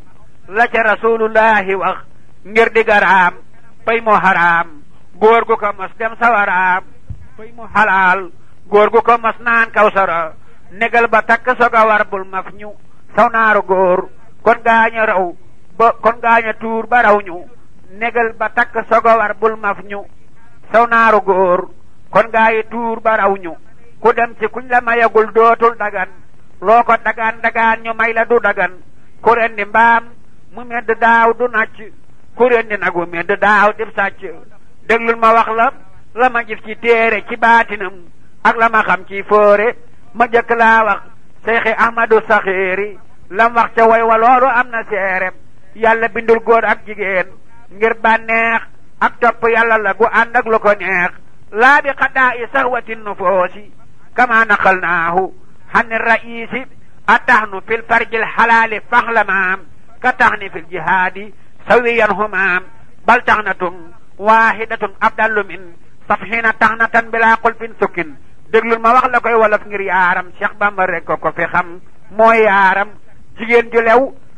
la ca rasulullahi wax ngir di garaam xaraam góor gu ko mas dem sawaraam pay xalaal góor gu ko mas naan kawsara negal ba takk soog a war bul maf ñu saw naaru góor kon gaaña raw ba kon gaaña tuur ba raw ñu negal ba takk soog bul maf ñu saw góor kon gaayi tuur ba raw ñu ku dem ci kuñ la mayagul dootul dagan loo ko dagaan dagaan ñu may la du dagan ku rendi mbaam mu medd daaw du nàcc ku rendi nagu medd daaw dib sàcc déglul ma wax la la ma gis ci téere ci baatinam ak la ma xam ci fóore ma jëkk laa wax seyxi ahmadu saxiiri lam wax ca way wa loolu am na seerem yàlla bindul góor ak jigéen ngir bànneex ak topp yàlla la gu ànd ak lu ko neex laa bi xadaa i saxwati nufoosi kama naqal naahu xani raisi a tax nu fil farjil xalaali faxlamaam ka tax ni fil jihaadi sawiyan humaam bal tax na tun waahidatun abdallu min safhina tax na tan bilaa qulfin sukkin déglul ma wax la koy wolof ngir yaaram Cheikh Bamba rek ko ko fi xam mooy jigéen ju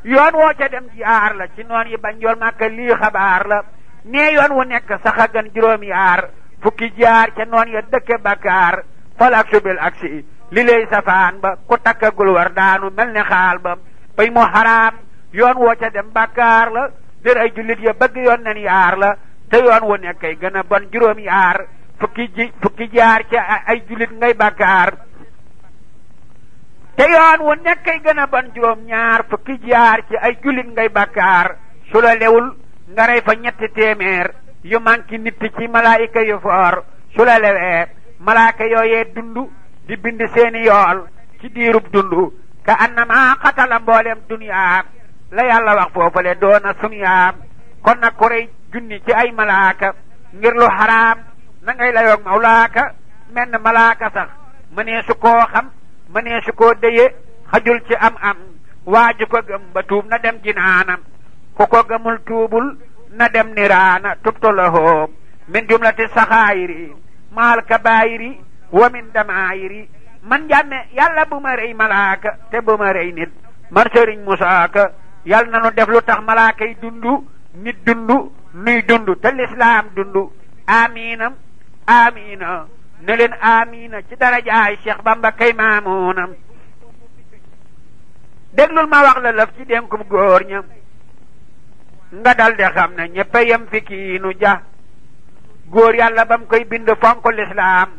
yoon woo ca dem ji aar la ci noon yi bañ yoon màkka lii xabaar la nee yoon wu nekk sax a gën juróomi aar fukki jaar ca noon ya dëkke bakkaar fal ak subil ak si li lay safaan ba ku takkagul war daanu mel ne xaal ba bay mu xaraam yoon woo ca dem bakkaar la dér ay jullit ya bëgg yoon nen yaar la te yoon wu nekk ay gën a bon juróomi aar fukki ji fukki jaar ci ay jullit ngay bàkkaar te yoon wu nekkay gën ban juróom ñaar fukki jaar ci ay jullit ngay bàkkaar su la lewul nga rey fa ñetti téeméer yu manki nit ci malaayika yu foor su la yooyee dund di bind seeni yool ci diirub dund ka annama xatala mbooleem duniyaa la yàlla wax foofale doona suniyaa kon nag ku junni ci ay malaaka ngir lu xaraam na ngay layoog mawlaaka menn malaaka sax mënee su xam mënee su koo xajul ci am-am waaju ko gëm ba tuub na dem jinaanam ku ko gëmul tuubul na dem niraana tubtulahoo min jumlati saxaayiri maal kabaayiri wa min damaayiri man jàmme yàlla bu ma rëy malaaka te bu ma nit man sëriñ Musaa Ka yàlla def lu tax malaakay yi dundu nit dundu nuy dundu te lislaam dundu amiinam amina ne leen amina ci darajaay Cheikh Bamba kay maamuunam déglul ma wax la ci dénkum góor ña nga dal de xam ne ñëpp fi kiinu ja góor yàlla bam mu koy bind fonk lislaam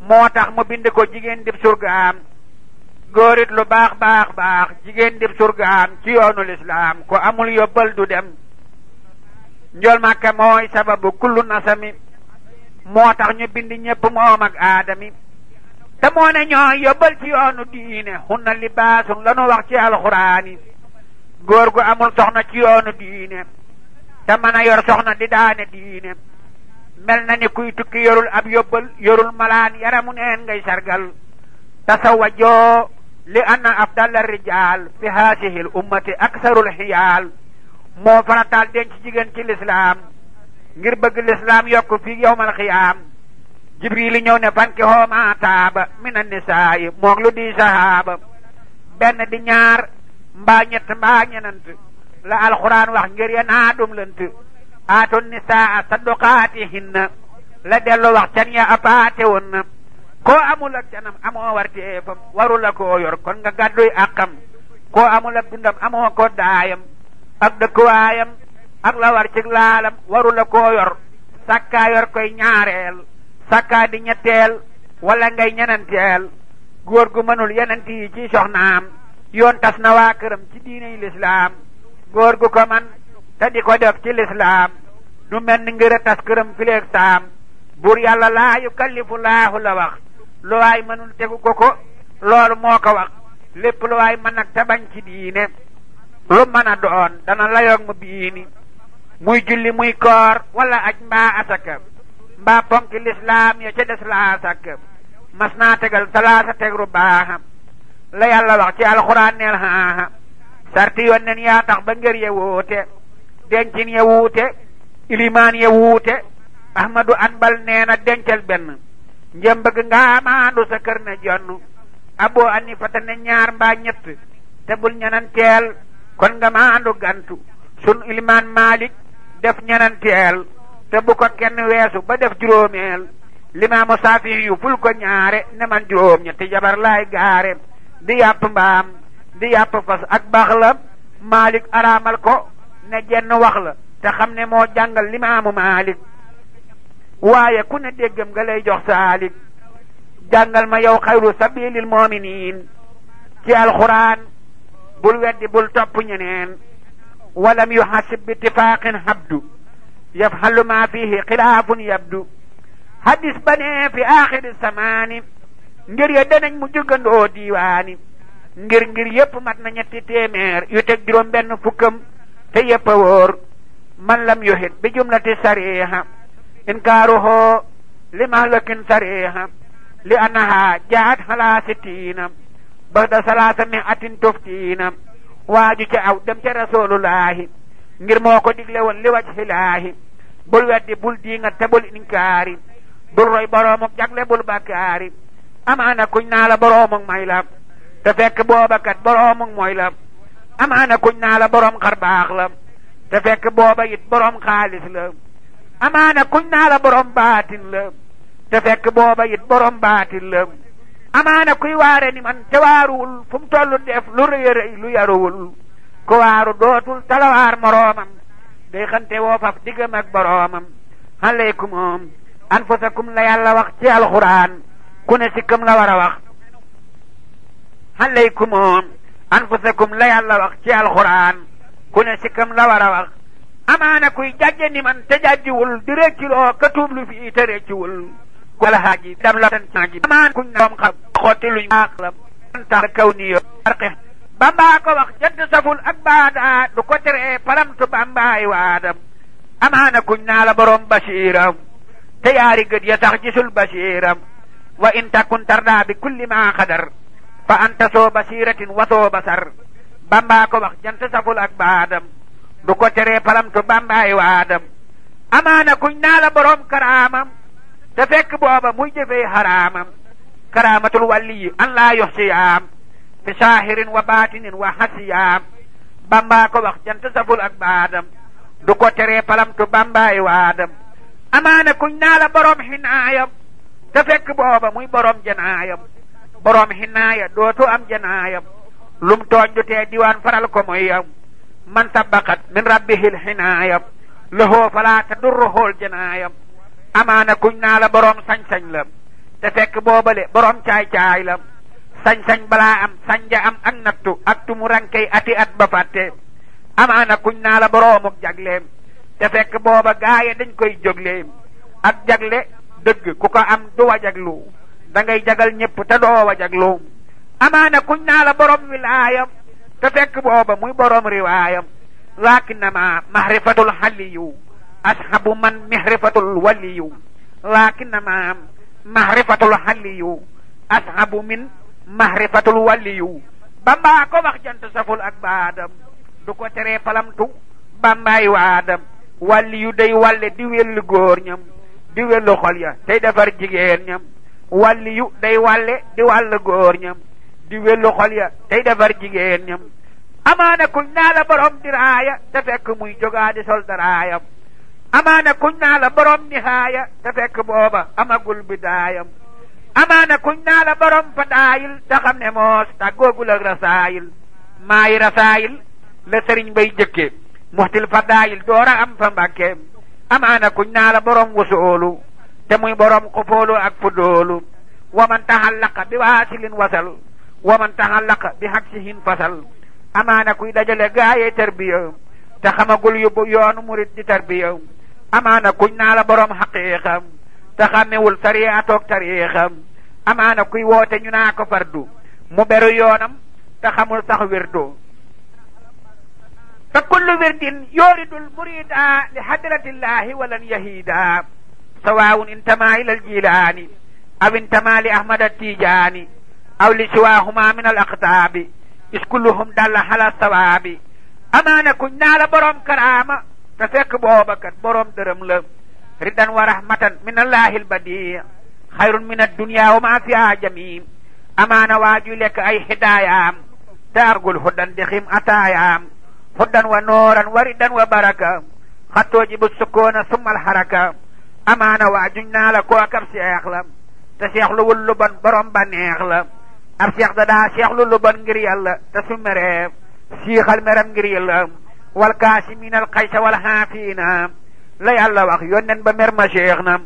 moo tax mu bind ko jigéen dib surgaam góorit lu baax baax baax jigéen dib surgaam ci yoonu lislaam ko amul yóbbal du dem njool màkka mooy sababu kullu nasami moo tax ñu bind ñëpp moom ak aadami te moo ne ñoo yóbbal ci yoonu diine hunna libaasun la nu wax ci alxuraan gu amul soxna ci yoonu diine te mën yor soxna di daane diine mel na ni kuy tukki yorul ab yóbbal yorul malaan yaramu neen ngay sargal tasawajoo li anna afdal rijaal fi haasihi ummati aksarul xiyaal moo farataal denc jigéen ci lislaam ngir bëgg lislaam yokk fi yowmal xiyaam jibril ñëw ne fanki hooma taaba min annisaayi moog lu di sahaaba benn di ñaar mbaa ñett mbaa ñenant la alxuraan wax ngir ya naa dum lënt aatu nisaa saduqaati hinna la dellu wax can ya apaate woon na koo amul ak canam amoo warteefam waru la koo yor kon nga gàdduy àqam koo amul ak dundam amoo ko daayam ak dëkkuwaayam ak la war cig laalam waru la yor sakkaa yor koy ñaareel sakkaa di ñetteel wala ngay ñenenteel góor gu mënul yenent yi ci soxnaam yoon tas na waa këram ci diiney lislaam góor gu ko man te di ko def ci lislaam du mel ni ngir a tas këram fileeg saam buur yàlla laa yukallifu laahu la wax lu waay mënul tegu ko ko loolu moo ko wax lépp lu waay mën nag te bañ ci diine lu mën a doon dana layoog mu biini muy julli muy koor walla aj mbaa asaka mbaa ponk lislaam ya ca des la asaka mas naa tegal salaasa tegru baaxa la yàlla wax ci alxuraan neel xaaxa sarti yoon nen tax ba ngër ya wuute dencin ya wuute ilimaan ya wuute ahmadu anbal neena dencal benn njëm bëgg nga amaandu sa kër na jonn aboo ani fata ne ñaar mbaa ñett te bul ñenanteel kon nga maandu gantu sun ilimaan maalik def ñenanteel te bu ko kenn weesu ba def juróomeel limaamu saafi ful ko ñaare ne man juróom ñetti jabar laay gaare di yàpp mbaam di yàpp fas ak baax Malik araamal ko ne jenn wax la te xam ne moo jàngal limaamu Malik waaye ku ne déggam nga lay jox saalik jàngal ma yow xayru sabilil mu'minin ci alxuraan bul weddi bul topp ñeneen walam yuxasib bi tifaqin habdu yafxalu ma fihi xilaafun yabdu hadis ba ne fi axiri samaani ngir ya danañ mu jugandoo diiwaani ngir ngir yépp mat na ñetti téeméer yu teg juróom benn fukkam te yépp a wóor man lam yuhit bi jumlati sariha inkaaruhoo li mahlakin sariha li annaha jaat xalaa sittiina baxda salaasa mi atin waaju ci aw dem ca rasulullahi ngir moo ko digle woon li wajhilaahi bul weddi bul diinga te bul inkaari bul roy boroomu jagle bul bakkaari amaana kuñ naa la boroomu may la te booba kat boroomu mooy amaana kuñ naa la boroom xar baax la te fekk booba it boroom xaalis la amaana kuñ naa boroom baatin la te fekk booba it boroom baatin la amaana kuy waare ni man te waaruwul fu mu def lu rëy lu yaruwul ku waaru dootul talawaar moroomam day xante woo faf diggam ak boroomam aleykum moom anfusakum la yàlla wax ci alxuraan ku ne sikkam la war a wax aleykum moom anfusakum la yàlla wax ci alxuraan ku ne sikkam la war wax amaana kuy jàjje ni man te jàjjiwul di récciloo ka tuub lu fii te récciwul ku la haaji dam la tan ci amaana xotti luñ baax la ko wax jadd saful ak baada du ko teree paramtu bambaay waadam amaana kuñ naa la borom te yaari gët ya sax gisul basiiram wa in takun tarda bi kulli ma xadar fa anta soo basiratin wasoo basar bamba ko wax jant saful ak baadam du ko teree palamtu bambaay waadam amaana kuñ naa la borom karaamam fekk booba muy jëfee xaraamam karaamatul wàlli an laa yox siyaam bi saahirin wa baatinin wa xasiyaam bambaa ko wax jant saful ak baadam du ko teree palamtu bambaay waadam amaana kuñ naa la borom xinaayam te fekk booba muy borom janaayam borom xinaaya dootu am janaayam lum tooñ du tee diwaan faral ko muy yam man sabaqat min rabbihil xinaayam lahoo falaa tadurruhul janaayam amaana kuñ naa la borom sañ-sañ la te fekk boobale borom caay-caay la sañ-sañ bala am sañja am ak nattu ak tumu ati at ba fàtte amaana kuñ naa la boroomuk jagleem te fekk booba gaaye dañ koy jogle ak jagle dëgg ku ko am du wajaglu da ngay jagal ñëpp te doo wajaglu amaana kuñ naa la borom wilaayam te fekk booba muy borom riwaayam laakinama mahrifatul xaliyu ashabu man mihrifatul waliyu laakinama mahrifatul xaliyu ashabu min mahrifatul waliyu bamba ko wax jant saful ak baadam du ko teree palamtu bambaay waadam waliyu day walle di wellu góor ñam di wellu xol ya tey defar jigéen ñam di wàll góor ñam di wellu amaana kuñ naa la borom diraaya te fekk muy jógaa di sol daraayam amaana kuñ naa la borom nihaaya te fekk booba amagul bidaayam amaana kuñ naa la borom fadaayil te xam ne moos tàggoogul ak rasaayil maay rasaayil la sëriñ bay jëkke muxtil fadaayil doora am fa mbàkke amaana kuñ naa la borom wusoolu te muy borom xufoolu ak fudoolu waman taxallaqa bi waasilin wasal waman taxallaqa bi xagsihin fasal amaana kuy dajale gaaye tarbiya te xamagul yóbbu yoonu murit di tarbiya amaana kuñ naa la borom xaqiiqam te xàmmewul sariya toog tariixam amaana kuy woote ñu naa ko fardu mu beru yoonam te xamul sax wirdu fa kullu wirdin yuridul murida li hadratillahi walan yahida sawaaun intama ila aljilaani aw intama li ahmad attijaani aw li siwaahuma min al aqtaabi is kulluhum dalla ala sawaabi amaana kuñ naa la borom te fekk booba kat boroom dërëm la ridan wa rahmatan min allaahil badii xayrun min addunya wa maa fiha jamii amaana waaju lekk ay hidaayaam te argul huddan di xim ataayaam huddan wa nooran wa ridan wa baraka xattooji bu sukkoona summal haraka amaana waajuñ naa la koo kab seex lu wul bon borom ba neex la ab seex da daa seex lu lu bon ngir yàlla te su meree siixal meram ngir yàlla wal kaasimiina al xaysa wal xaafiina la yàlla wax yónneen ba mer ma jeex na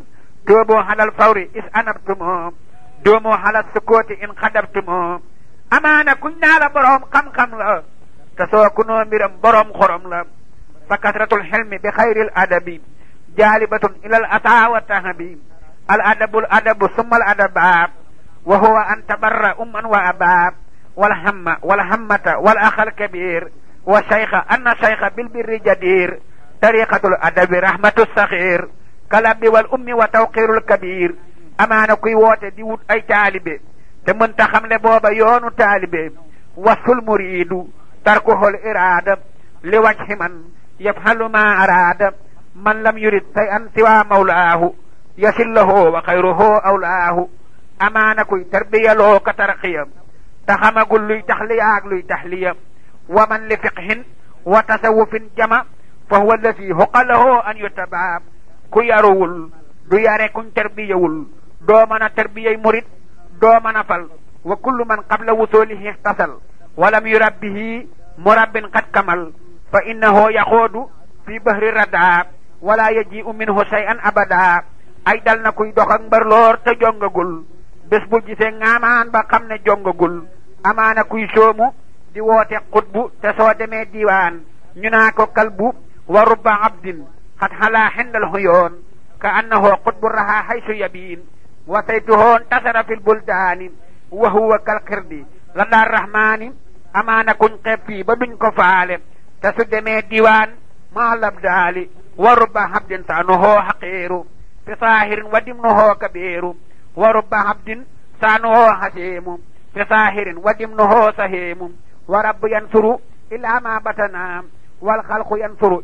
tuuboo xalal fawri is anabtumo doomoo xalal sukooti in xadabtumo amaana kuñ naa la boroom xam-xam la te soo kunoo mbiram boroom xorom la fa kasratul xelmi bi xayril adabi jaalibatun ilal ataawa tahabi al adabul adabu summal adaba wa huwa an tabarra umman wa aba wal hamma wal hammata wal axal kabir wa shaykha anna shaykha bil birri jadir tariqatul adabi rahmatu saxir kalab bi wal ummi wa tawqirul kabir amaana kuy woote di wut ay taalibe te mënta xam ne booba yoonu taalibe wasul muriidu tarkuhul iraada li wajhi man yafhalu ma araada man lam yurid shay'an siwa mawlaahu yasillahu wa xayruhu awlaahu amaana kuy tarbiyaloo ka tarqiyam te xamagul luy taxliya ak luy taxliya wa man li fiqhin wa tasawufin jama fa huwa alladi huqalahu an yutabaa ku yaruwul du yare kuñ tarbiyawul doo mën a tarbiyay fal wa kullu man qabla wusulihi ihtasal wa lam yurabbihi murabbin qad kamal fa innahu yaxoodu fi bahri rada wala yaji'u minhu shay'an abada ay dal na kuy dox ak mbarloor jongagul bés bu ba xam jongagul amaana kuy soomu di woote xutbu te soo demee diiwaan ñu naa ko kalbu wa rubba abdin xat xalaa xindal xuyoon ka yabiin wa saytuhoon tasara fil buldaani wa huwa kal xirdi la amaana kuñ xeppi ba duñ ko faale te su demee maa labdaali wa rubba abdin saanuhoo fi saahirin wa dimnuhoo kabiiru wa rubba abdin saanuhoo xasiimu fi saahirin wa dimnuhoo sahiimu wa rabbu yansuru illa ma batana wal xalqu yansuru